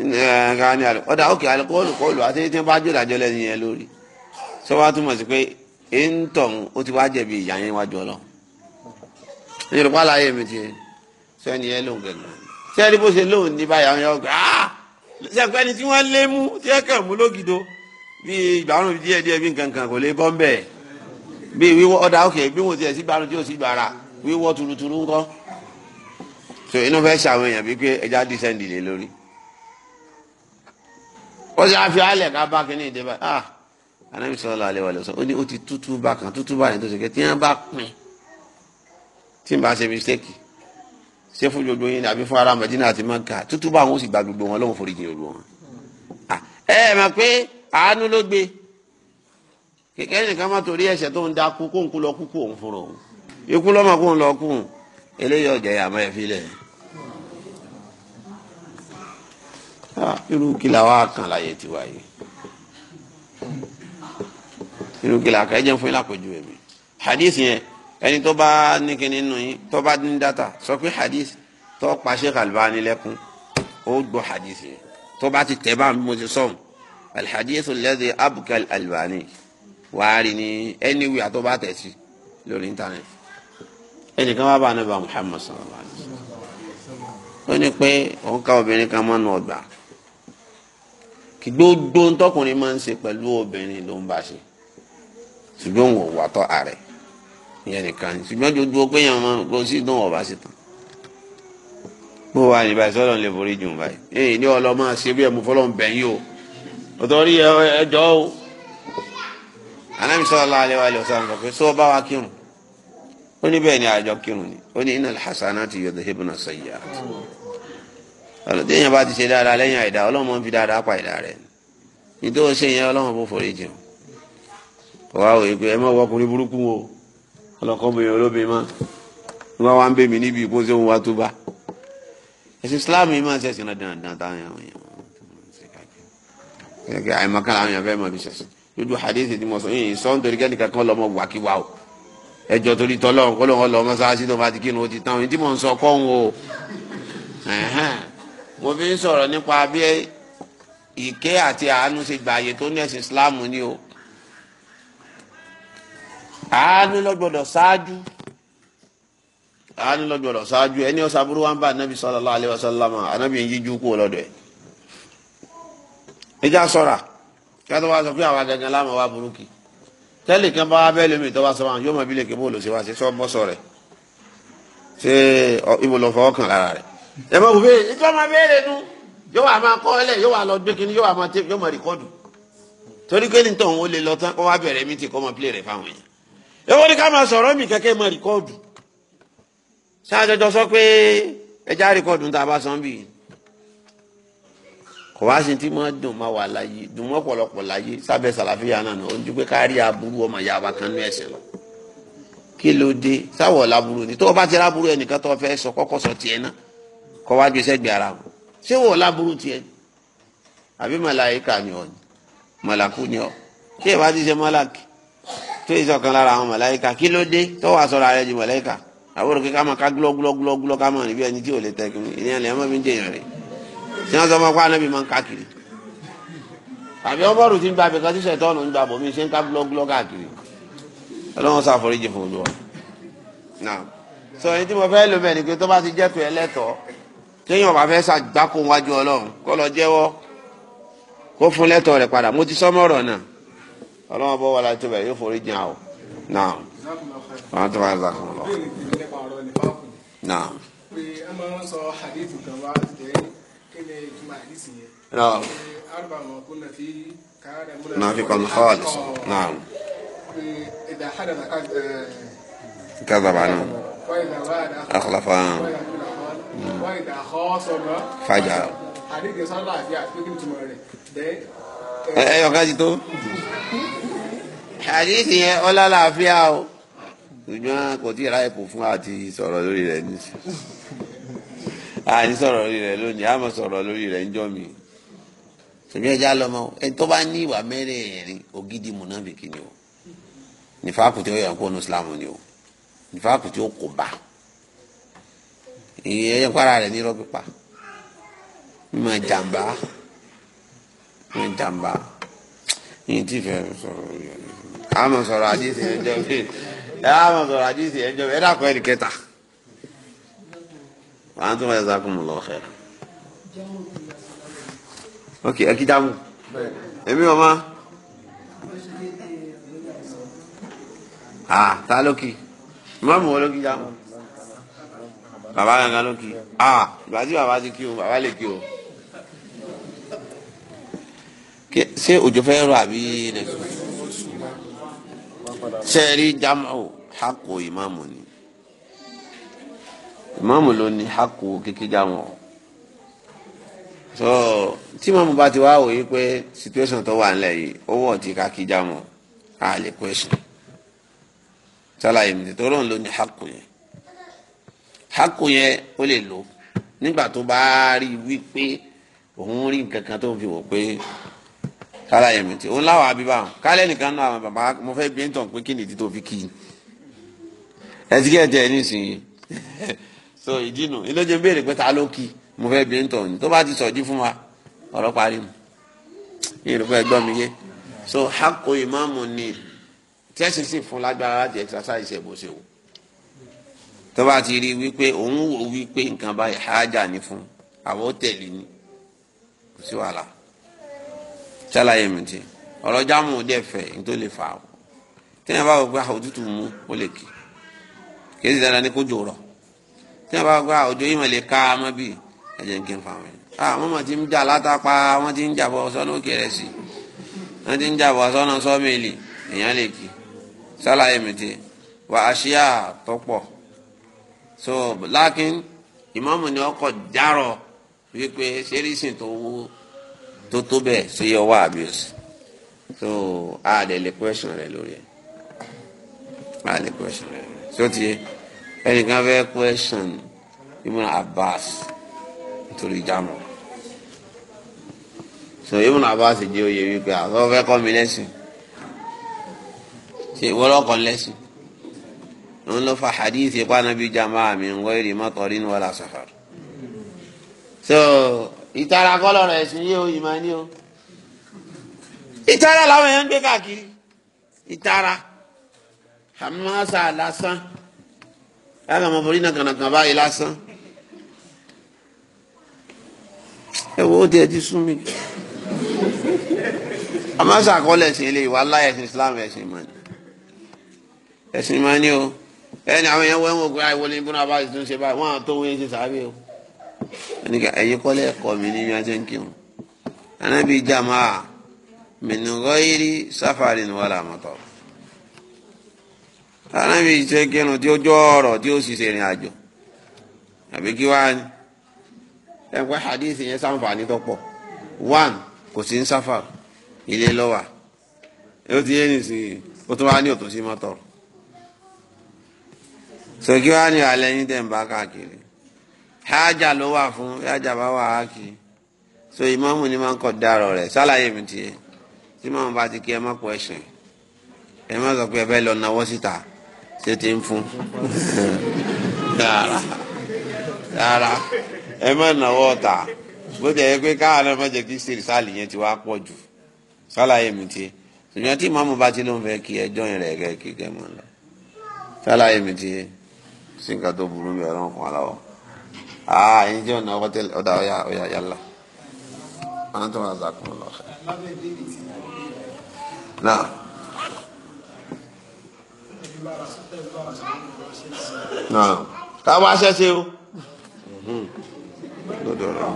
ọ̀gá ni àlùkò ọ̀dà òkè àlùkò olùkọ́ olù àti tí wọ́n bá jò ìdájọ́ lẹ́yìn yẹn lórí sọ wá túmọ̀ sí pé ẹ̀ńtọ̀hún ó ti wá jẹ̀bi ìyá yẹn wájú ọ lọ. yorùbá láàyè mi ti sọ ẹni yẹn lóhùn gẹ̀gẹ̀ ṣé ẹni bó ṣe lóhùn ní báyà wọn yọ gbà á ah! ṣàpẹ́ ni tí wọ́n lé mú tí ẹ kàn mú lógido bí ìgbàrún díẹ̀ díẹ̀ bí nǹkan kan kò lè bọ́ mbẹ́ bí wíwọ́ ọ̀dà òkè bí wọ́n ti ẹ̀ sí gbàrún tí ó sì gbàrà wíwọ́ turuturu ńkọ́ so inú fẹ́ ṣàwọn èèyàn bíi pé ẹja dísẹ́ǹdì lé lórí ó ṣe àfi alẹ̀ ká bá kínní ìdè ah anabi sọlá alẹ wàlẹ sọ ó ní ó ti tútú bákan tútú báyìí tó ṣe kẹ tí wọn bá pin tí n bá ṣe mistake ṣé fún gbogbo yín àbí fún ara Madina àti Maka tútú báwọn ó sì gba gbogbo wọn lọ́wọ́ foríjì gbogbo wọn. ẹ ẹ mọ̀ pé àánú ló gbé kẹ̀kẹ́ nìkan má torí ẹ̀ṣẹ̀ tó ń da kó ń kú lọ kú kó òun fúnra òun ikú lọ́mọ kó ń lọ kú eléyìí ọ̀jẹ̀ yà máa fi lẹ̀. irú kí la wá kàn láyé tiwa yìí inú kìlà kan ẹ jẹ́ fún yín lápẹ̀jù ẹ̀mí hadith yẹn ẹni tó bá ní kíni nù yín tó bá ní data sọ pé hadith tó pa Sheikh Albani lẹ́kún ó gbọ́ hadith yẹn tó bá ti tẹ̀ bá mo ti sọ̀hún alhadith alladhi abka Albani wàá rí ni anywhere tó bá tẹ̀ sí lórí íńtánẹ́ẹ̀tì ẹnìkan wá bá anábà Muhammad sallallahu alayhi wa sallam ó pé òun ká obìnrin kan mọ́nú ọgbà kí gbogbo ntọ́kùnrin máa ń ṣe pẹ̀lú obìnrin ló ń bá ṣe ṣùgbọ́n wọn ò wà ìyẹn nìkan ni ṣùgbọ́n gbogbo pé yẹn wọn kò sí dùn ọ̀bá sí tán bó wà ní báyìí sọ́dọ̀ lè forí jùn báyìí èyí ni ọlọ́mọ ṣe bí ẹ̀mú fọlọ́n bẹ̀yìn o òtọ́rí ẹjọ́ o anamisa ọlá alẹ́ wa ilẹ̀ ọ̀sán sọ pé sọ́ọ́ bá wa kírun ó ní bẹ́ẹ̀ ni àjọ kírun ni ó ní innal hasanati yudhibna sayyi'at ọlọ́dẹ́yìn bá ti ṣe dáadáa lẹ́yìn wàá wòye pé ẹ má wọ ọkùnrin burúkú o ọlọ́kọ́bìnrin olóbìnrin mọ́ ní wọ́n wá ń bè mí níbi ìpó ṣé òun wá tó bá ẹ̀sìn Islam yìí máa ń ṣẹ̀sìn náà dandan táwọn èèyàn wọ̀nyẹn wọ́n àìmọ̀kan làwọn èèyàn fẹ́ mọ̀ bí ṣẹ̀sìn lójú hadith ti mọ̀ sọ yìí sọ nítorí kẹ́nìkan kan lọ́mọ wàkíwá o ẹjọ́ torí tọ́lọ́run kó lóun lọ́mọ sáásí tó bá ti kírun ó ti tán ohun tí ń sọ kọ́ ń mo fi ń sọ̀rọ̀ nípa bí ìkẹ́ àti àánú ṣe gbààyè tó ní ẹ̀sìn Islam ni o àánú lọ́gbọ́dọ̀ ṣáájú àánú lọ́gbọ́dọ̀ ṣáájú ẹni ọ̀sán aburú wa ń bá anabi sallallahu alaihi wasallam anabi yẹn yíjú kú ọlọ́dọ̀ ẹ̀ ẹja sọ̀ra kí wọ́n tó wá sọ pé àwa gangan láàmú wa burúkú tẹ́lẹ̀ kan bá wá bẹ́ẹ̀ lómi tó bá sọ wọn yóò mọ bílẹ̀ kí bó lò sí wa ṣe sọ bọ́ sọ rẹ̀ ṣe ibo lọ fọwọ́ kàn lára rẹ̀ ẹ mọ̀ kò béèrè ìjọ máa béèrè nu yóò wá máa kọ́ ẹlẹ̀ yóò wá lọ gbé kínní yóò wá máa tẹ́ èwo ni ká máa sọ̀rọ̀ mi kẹ́kẹ́ mọ rìkọ́ọ̀dù ṣáàjọjọ sọ pé ẹja rìkọ́ọ̀dù tá a bá san bì kò wá sí tí mo dùn máa wà láyé dùn mọ́ pọ̀lọpọ̀ láyé sábẹ́ sàlàfíà náà ó ń ju pé ká aburú ọmọ ìyá wa kan ní ẹ̀sìn lọ kí ló dé sáwọ̀ laburu ni tó o bá ti laburu ẹnìkan tó o fẹ́ sọ kọ́kọ́ sọ tiẹ̀ náà kọ́ wá gbèsè gbé ara wọn ṣé wọ̀ laburu tiẹ̀ àbí màláyíkà ni ọ̀ màlákù ni ọ̀ ṣé ìwádìí ṣe màlákì tó yẹ sọ̀kan lára àwọn màláíkà kí ló dé tó wàá sọ̀rọ̀ ààrẹ di màláíkà àbúrò kí ká máa ká gúlọ́gúlọ́gúlọ́ ká máa níbi ẹni tí ò lè tẹ́kùn ìyẹn lè má fi ń dèèyàn rẹ̀ tí wọ́n sọ ma kó anábì máa ń káàkiri àbí ọmọ rù ti ń gba abẹ́kan tí sẹ̀tọ́ọ̀nù ń gba bòmí ṣe ń ká gúlọ́gúlọ́ káàkiri ọlọ́run ṣàforíjì fún olúwa náà sọ èyí tí mo fẹ́ lò bẹ́ẹ̀ ni pé tó bá ti jẹ́ pé ẹlẹ́tọ̀ọ́ ọlọ́wọ́n bọ́ wà láti bẹ̀ yóò forí jìn àwọ̀ náà wọ́n tó wà máa ń sọ hadith fi káàdà múlẹ̀. sọ náà. pé ìdá hadàdà ká. kazaba ẹyọ kan ti tó àdìsí yẹn ọlá làáfíà o ṣùgbọ́n kò tí ì ráyè kò fún àti sọ̀rọ̀ lórí rẹ̀ ní àní sọ̀rọ̀ lórí rẹ̀ lónìí àmọ́ sọ̀rọ̀ lórí rẹ̀ ń jọ mi ṣùgbọ́n ẹja lọ́mọ ẹni tó bá ní ìwà mẹ́rẹ̀ẹ̀rin ògidì mùnàbìkì ni o nífàkù tí ó yàn kó nu Islam ni o nífàkù tí ó kò bá ìyẹn para rẹ̀ ní irọ́ pípa mímọ jàǹbá ní jàmbá yìí tí fẹ́ sọ̀rọ̀ àmọ̀ sọ̀rọ̀ àdìsí ẹjọ́ bí àmọ̀ sọ̀rọ̀ àdìsí ẹjọ́ bí ẹ dàpọ̀ ẹni kẹta wàá tún wáyé sáà mu lọ́ọ́ xẹ́rẹ́. ok ẹ kí dáàmú èmi ọ̀ ma ah ta ló kì mọ́mú wọn ló dáàmú bàbá gangan ló ah ìgbà tí bàbá ti kí o bàbá lè kí o ṣé òjò fẹ́ rọ àbí nìkan ṣe rí jamau hako ìmáàmù ni ìmáàmù ló ní hako kékeré jamau so tí ìmáàmù bá ti wá wòye pé situation tó wà nílẹ̀ yìí owó ọ̀tí kakí jamau a lè question sálàyé mi tó rọrùn ló ní hako yẹn hako yẹn ó lè lò nígbà tó bá rí wípé òun rí nǹkan kan tó ń fi wò pé sára yẹn mi ti òun láwọn abibá wọn kálẹ̀ nìkan náà àwọn bàbá mo fẹ́ bí ẹ̀ńtàn pé kí ni ìdí tó fi kí i ẹtí kí ẹ nísìnyí (laughs) so ìdí nu ilé jẹ béèrè pé ta ló kí mo fẹ́ bí ẹ̀ńtàn tó bá ti sọ̀dí fún wa ọ̀rọ̀ parí mu ìrùkọ ẹgbọ́n mi yé so hako ìmáàmù ni tẹ́sí sì fún lágbára láti exercise ẹ̀ bó ṣe wò tó bá ti rí wípé òun wò wípé nǹkan báyìí hájà ní fún àwọn tẹ̀lé ni kò sí wàhálà. ṣàlàyé mi ti ọ̀rọ̀ jámù díẹ̀ efe ní tó lè bá wọ pé ah, òtútù mú ó lè kí kìí sì dandan ní kó jòrọ̀ téèyàn bá wọ pé ah, òjò yìí mà lè a n ah, ti ń jà látàpá wọn ti ń jàbọ̀ sọ́nà ti ń jàbọ̀ sọ́nà sọ́mẹ́lì èèyàn so ni wikpe serisi tó tó bẹ́ẹ̀ ṣe yọ wá àbí so a lè lè question rẹ lórí ẹ a lè question rẹ lórí ẹ so ti ẹnìkan fẹ́ question Ibn Abbas nítorí jámọ̀ so Ibn Abbas jẹ́ oyè wípé àwọn fẹ́ kọ́ mi lẹ́sìn ṣe ìwọ́lọ́kọ̀ lẹ́sìn òun ló fa hadith ipá nàbí jamaa mi ń wọ́ èrè mọ́tọ́rin wala safar so ìtara kọlọrọ ẹsùn yìí ó ìmọ̀ ni o ìtara làwọn èèyàn ń gbé káàkiri ìtara hamasa lásán láti ọmọ forí náà kànáàkàn báyìí lásán ẹ wo ó tiẹ̀ ti sún mi hamasa kọ́lẹ̀ ẹ̀sìn ilé ìwà aláyẹ̀ ẹ̀sìn Islam ẹ̀sìn ìmọ̀ ni ẹ̀sìn ìmọ̀ ni o ẹni àwọn èèyàn wẹ́n wò pé àìwọlé ibùdó abáyé tó ń ṣe báyìí wọ́n àtọ́wé ṣe sàábì o. oníkà ẹ̀yin kọ́lé ẹ̀kọ́ mi ní bí wọ́n ti ń kírun anábì jamaa min ghairi safarin wala matar anábì ṣe kírun tí ó jọ ọ̀rọ̀ tí ó sì ṣe ìrìn àjò àbí kí wàá ní ẹ̀ pé hadith yẹn sàǹfààní tó pọ̀ one kò sí ń sáfà ilé ti yé nìsín ó o to si òtún hájà ló wà fún hájà bá wà á so ìmáàmù ni máa ń kọ̀ dárọ̀ rẹ̀ sálàyé mi tiẹ̀ tí màmú bá ti kí ẹ má pọ̀ ẹ̀sìn ẹ má sọ pé ẹ fẹ́ lọ náwó síta ṣé ti ń fún (laughs) rárá rárá ẹ má náwó ọ̀tà bó ti ẹ̀ pé káwọn náà má jẹ́ kí sèrìsàlì yẹn ti wá pọ̀ jù sálàyé mi tiẹ̀ ṣùgbọ́n tí màmú bá ti ló ń fẹ́ kí ẹjọ́ yẹn rẹ̀ kí kẹ́ mọ́ lọ sálàyé mi tiẹ̀ sí nǹkan tó burú mi ọ̀rọ̀ fún aláwọ̀. Ah, ẹyin jẹ́ ọ̀nà ọkọ̀ tẹ́lẹ̀ ọ̀dà ọ̀yà ọ̀yà yàlla wọn tó wà zákùn lọ. náà. náà káwá ṣẹ́ṣe o lódò rẹ̀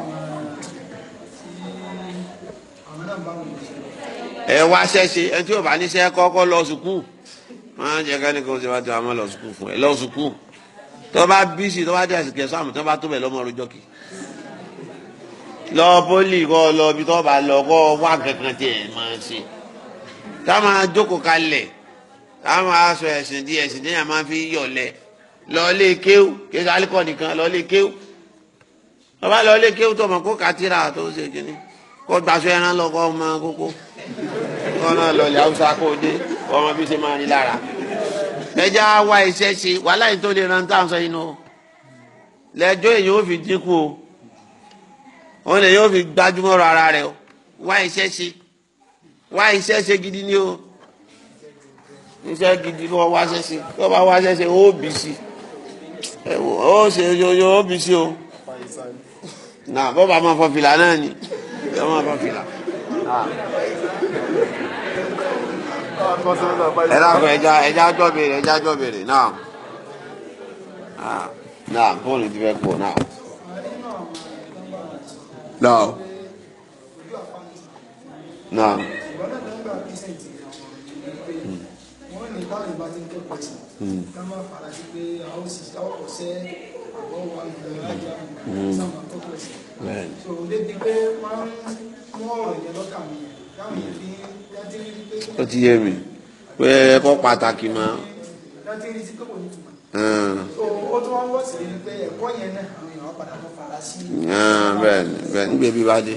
ẹ wá ṣẹ́ṣe ẹ tí ò bá níṣẹ́ kọ́kọ́ lọ sùkúù máa ń jẹ́ ká ní kó o ṣe wá tó a máa lọ sùkúù fún ẹ lọ sùkúù tó bá bí sí tó bá dé àsìkò ẹ̀sán àmì tó bá tó bẹ̀ lọ́mọ ọ̀rọ̀ jọ́kì lọ pólì kọ́ lọ ibi tó bá lọ kọ́ wá kankan tiẹ̀ máa ṣe ká máa jókòó kalẹ̀ ká máa sọ ẹ̀sìn di ẹ̀sìn tí yàrá máa fi yọ̀lẹ̀ lọ lé kéwù kéwù alíkọ̀ nìkan lọ lé kéwù tó bá lọ lé kéwù tó mọ̀ kó kàtírà tó ṣe kínní kó gbaṣọ ẹran lọ kọ́ ọmọ kókó kọ́ náà lọ haúsá kó dé ọmọ bí ṣe máa rí lára ẹja wa iṣẹ́ ṣe wàhálà yìí tó lè ran tá à ń sọ inú lẹ́jọ́ èyí ó fi dínkù o òun lè yóò fi gbajúmọ̀ rọ ara rẹ̀ o wá iṣẹ́ ṣe wá iṣẹ́ ṣe gidi ni o iṣẹ́ gidi ni wọ́n wá iṣẹ́ ṣe tí wọ́n bá wá iṣẹ́ ṣe ó bì sí ó ṣe yóò ó bì sí o náà bọ́ba máa fọ fìlà náà ni bọ́ba máa fọ fìlà ẹ dákun ẹja ẹja jọ béèrè ẹja jọ béèrè náà ah, náà fóònù ti fẹ́ pọ̀ náà. náà náà. Mm. Mm. Mm ó ti yé mi pé ẹ̀kọ́ pàtàkì mọ́. bẹ́ẹ̀ ni bẹ́ẹ̀ ni bẹ́ẹ̀ bí bá dé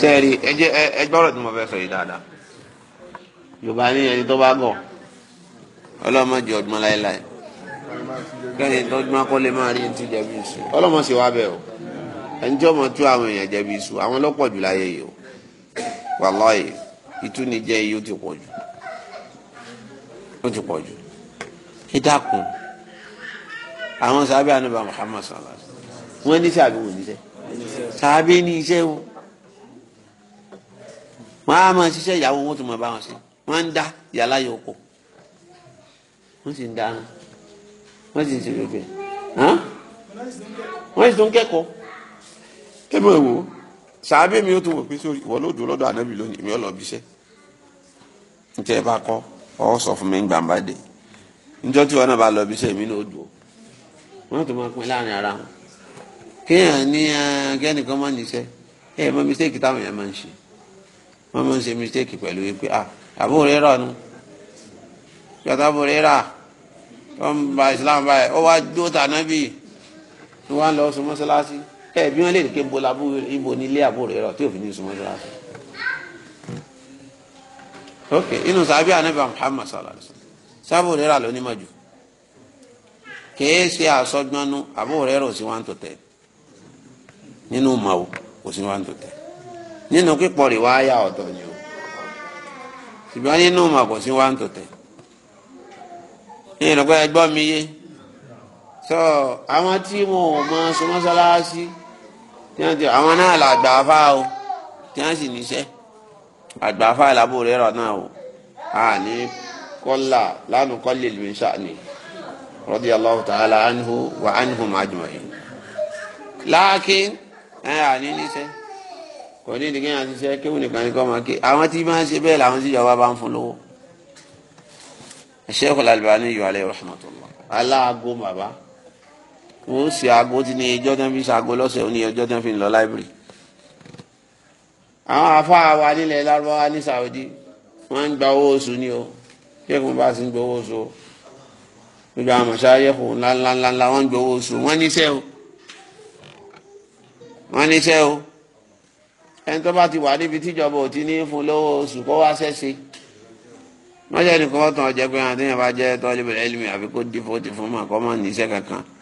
sẹ́ẹ̀rí ẹjẹ́ ẹgbẹ́ tí mo fẹ́ sọ yìí dáadáa yorùbá ní ẹni tó bá gọ̀ ọlọ́mọ jẹ ọdún láéláé kẹ́ni tó dún akọ́lé máa rí ẹni tí jẹ bí ìsìn ọlọ́mọ sì wá bẹ́ẹ̀ o ẹnjẹ́ ọmọ tú àwọn èèyàn jẹ̀bi iṣu àwọn lọ́pọ̀ jù láyé yìí o wàláyé ìtúnijẹ́ yìí ó ti pọ̀ jù ó ti pọ̀ jù ẹ dákun àwọn sábẹ́ anábà Muhammad sallallahu alaihi wasallam wọ́n ní sábẹ́ wò níṣẹ́ sábẹ́ ní iṣẹ́ wọn wọ́n á máa ṣiṣẹ́ ìyàwó wọn tó máa bá wọn ṣe wọ́n ń dá yàrá yòó kù wọ́n sì ń dáná wọ́n sì ń ṣe pépè wọ́n sì tún kẹ́kọ̀ọ́ ẹ mọ̀ wò sàábẹ́ mi ó tún wò pé sórí ìwọ ló dùn lọ́dọ̀ ànábì lónìí mi ò lọ bíṣẹ́ ntẹ́ ẹ bá kọ́ ọ sọ fún mi gbàǹbà dé njọ́ tí wọn náà bá lọ bíṣẹ́ mi náà dùn ó wọn tún máa pín láàrin ara wọn kéèyàn ní kẹ́nìkan máa níṣẹ́ ẹ mọ mistake táwọn yẹn máa ń ṣe wọn máa ń ṣe mistake pẹ̀lú wípé ah àbúrò rẹ rà nu yàtọ̀ àbúrò rẹ rà wọn bá Islam báyìí ó wá dúró tà nábì wọn lọ sọ mọ́sálásí ẹ bí wọn lè ké bo labú ibo nílé àbúrò rẹ tí òfin ní sùnmọ́ sí láti. ok inú sábẹ́ anábẹ́ Muhammad sallallahu alayhi wa sallam sábò rẹ̀ rà lónìí mọ̀jù kìí ṣe àsọgbọ́nú àbúrò rẹ̀ rò sí one to nínú màwò kò sí one to nínú pípọ̀ rẹ̀ wá yà ọ̀tọ̀ ni o ṣùgbọ́n nínú màwò kò sí one to ìrìnàgbọ́ ẹgbọ́n mi yé sọ àwọn tí wọn ò mọ sọmọ́sálásí. So, tí wọ́n ti àwọn náà là àgbàfà o tí wọ́n sì níṣẹ́ àgbàfà làbò rẹ̀ rọ̀ náà o àní kọ́là lánàá kọ́lì lùmí sàní radiyallahu ta'ala anhu wa anhum ajma'in. láàkín ẹ àní níṣẹ́ kò ní ìdíkẹ́ yẹn àtiṣẹ́ kéwù nìkan ní kọ́ máa ké àwọn tí máa ṣe bẹ́ẹ̀ làwọn tí ìjọba bá ń fún lówó. Sheikh Al-Albani yọ alẹ́ rahmatullah aláàgó bàbá wọ́n sì aago ti ní ẹjọ́ tán fi ṣaago lọ́sẹ̀ ó ní ẹjọ́ tán fi ń lọ láìbírì. àwọn afáà wa nílẹ̀ lárúbáwá ní Saudi wọ́n ń gba owó oṣù ni o ṣéèkùn bá sì ń gba owó oṣù o gbogbo àwọn mọ̀ṣáyẹ̀kù ńláńláńlá wọ́n ń gba owó oṣù wọ́n níṣẹ́ o wọ́n níṣẹ́ o ẹni tó bá ti wà níbi tíjọba ò ti ní fún lówó oṣù kó wá ṣẹ́ṣe wọ́n jẹ́ nìkan wọ́n tàn ọ́ jẹ́ pé àwọn àti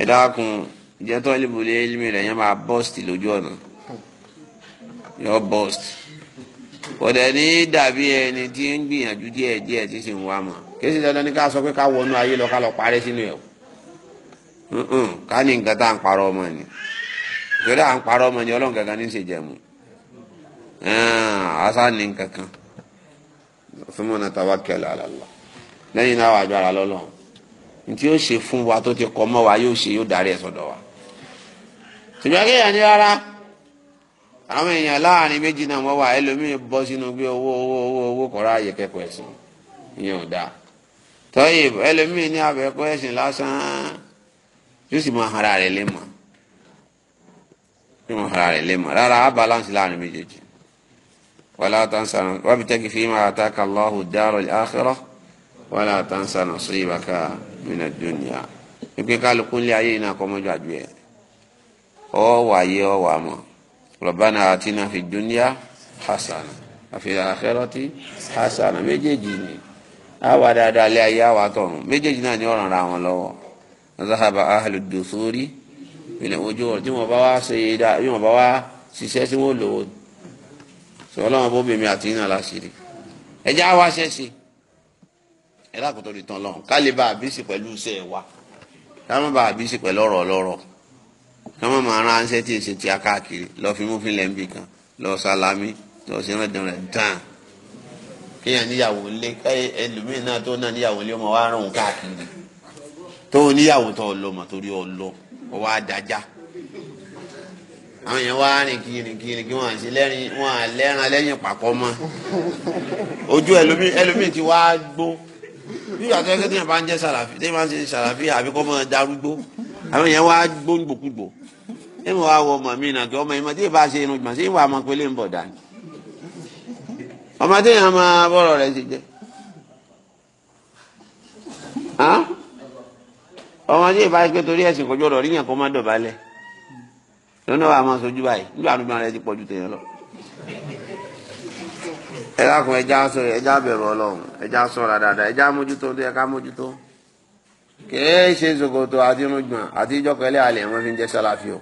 ẹ dákun ìjẹ́ tọ́lìbù lé ilmi rẹ̀ yẹn máa bọ́st lójú ọ̀nà yọ bọ́st kọ̀dẹ̀ ní dàbí ẹni tí ń gbìyànjú díẹ̀ díẹ̀ tí sì ń wá mọ̀ kéṣì dandan ní ká sọ pé ká wọnú ayé lọ ká lọ parẹ́ sínú ẹ̀ ká ní nǹkan tá à ń parọ́ ọmọ ni ìṣòro à ń parọ́ ọmọ ni ọlọ́run kankan ní í ṣe jẹ̀mú àṣà ní nǹkan kan súnmọ́ náà tawakkal ala Allah lẹ́yìn náà wàá jọ ara lọ́lọ́run ntí yóò ṣe fún wa tó ti kọ́ mọ́ wa yóò ṣe yóò darí ẹ̀ sọ́dọ̀ wa. ṣùgbọ́n kéèyàn ní rárá àwọn èèyàn láàrin méjì náà wọ́n wà ẹlòmíì bọ́ sínú gbé owó owó owó owó kọ́ra ayé kẹ́kọ̀ọ́ ẹ̀sìn ìyẹn ò dáa. tọ́yì ẹlòmíì ní abẹ́kọ́ ẹ̀sìn lásán yóò sì máa hara rẹ̀ lé mọ́ yóò máa hara rẹ̀ lé mọ́ rárá á balance láàrin méjèèjì. wàlá tansa wàbí tẹ́kì fíìmù àtàkà Allahu dárò àkírọ̀ wàlá tansa nasibaka mina dunya ìpè kálukú nílé ayé iná kọ́mọ́jọ́ àjù ẹ̀ ọ́ wàyé ọ́ wà mọ̀ rabbana atina fi dunya hasana àfi akhirati hasana méjèèjì ni àwa dáadáa lé ayé àwa tọ̀run méjèèjì náà ni ọ̀ràn ra wọn lọ́wọ́ zahaba ahlu dusuri ìpìlẹ̀ ojú ọ̀rọ̀ tí wọ́n bá wá ṣe dá bí wọ́n bá wá ṣiṣẹ́ tí wọ́n lò ó sọlọ́wọ́n bóbi mi àti iná láṣìírí ẹ̀já wa ṣẹ́ṣe ẹ lákòótó di tán lọ́hùn ká lè bá àbísí pẹ̀lú iṣẹ́ wa ká má bá àbísí pẹ̀lú ọ̀rọ̀ ọlọ́rọ̀ ká má máa rán aṣẹ́ tí èsì ti akáàkiri lọ fi mú fínlẹ̀ nbì kan lọ sálámí lọ sí rẹ̀ dẹ̀rẹ̀ dán kéèyàn níyàwó lé ẹlòmíín náà tó náà níyàwó lé ọmọ wa rán òun káàkiri tó níyàwó tó lọ mọ̀ torí ọlọ ọwọ́ adájá àwọn yẹn wá rìn kiri kí wọn àti lẹ́rìn wọn àlẹ́rìn alẹ́yìn pàkọ́ mọ́ ojú ẹlòmíín ti wá gbó bí àti ẹgbẹ́ tí yẹn bá ń jẹ́ sàràfí tí yẹn bá ń ṣe sàràfí àbí kọ́ máa darúgbó àwọn yẹn wá gbóngbòkúgbò ẹ mọ̀ wá wọ ọmọ mi nà kí ọmọ yẹn mọ̀ tí yẹn bá ṣe irun jùmọ̀ sí ìwà ọmọ pélé ń bọ̀ dání ọmọ tí yẹn máa bọ̀rọ̀ rẹ̀ ṣe jẹ́ ọmọ tí yẹn bá pé torí ẹ̀sìn kọjú ọ̀rọ̀ ríyàn kó má dọ̀bálẹ̀ lọ́nà wa máa sojú báyìí ẹ dákun ẹja sọ ẹja bẹ̀rù ọlọ́run ẹja ṣọ́ra dáadáa ẹja mójútó tó yẹ ká mójútó kìí ṣe ṣòkòtò àti irùngbọ̀n àti ìjọkọ̀ẹ́lẹ́ àlẹ́ wọn fi ń jẹ́ sálàfí o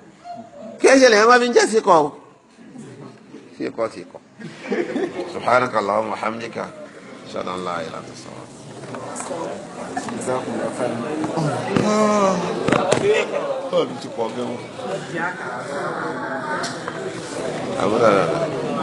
kìí ṣe lẹ́yìn wọn fi ń jẹ́ síkọ̀ o síkọ̀ síkọ̀ subhanaka allahumma wa hamdika ṣọlá ńlá ìlà tó sọ. Àbúrò rẹ̀ rẹ̀.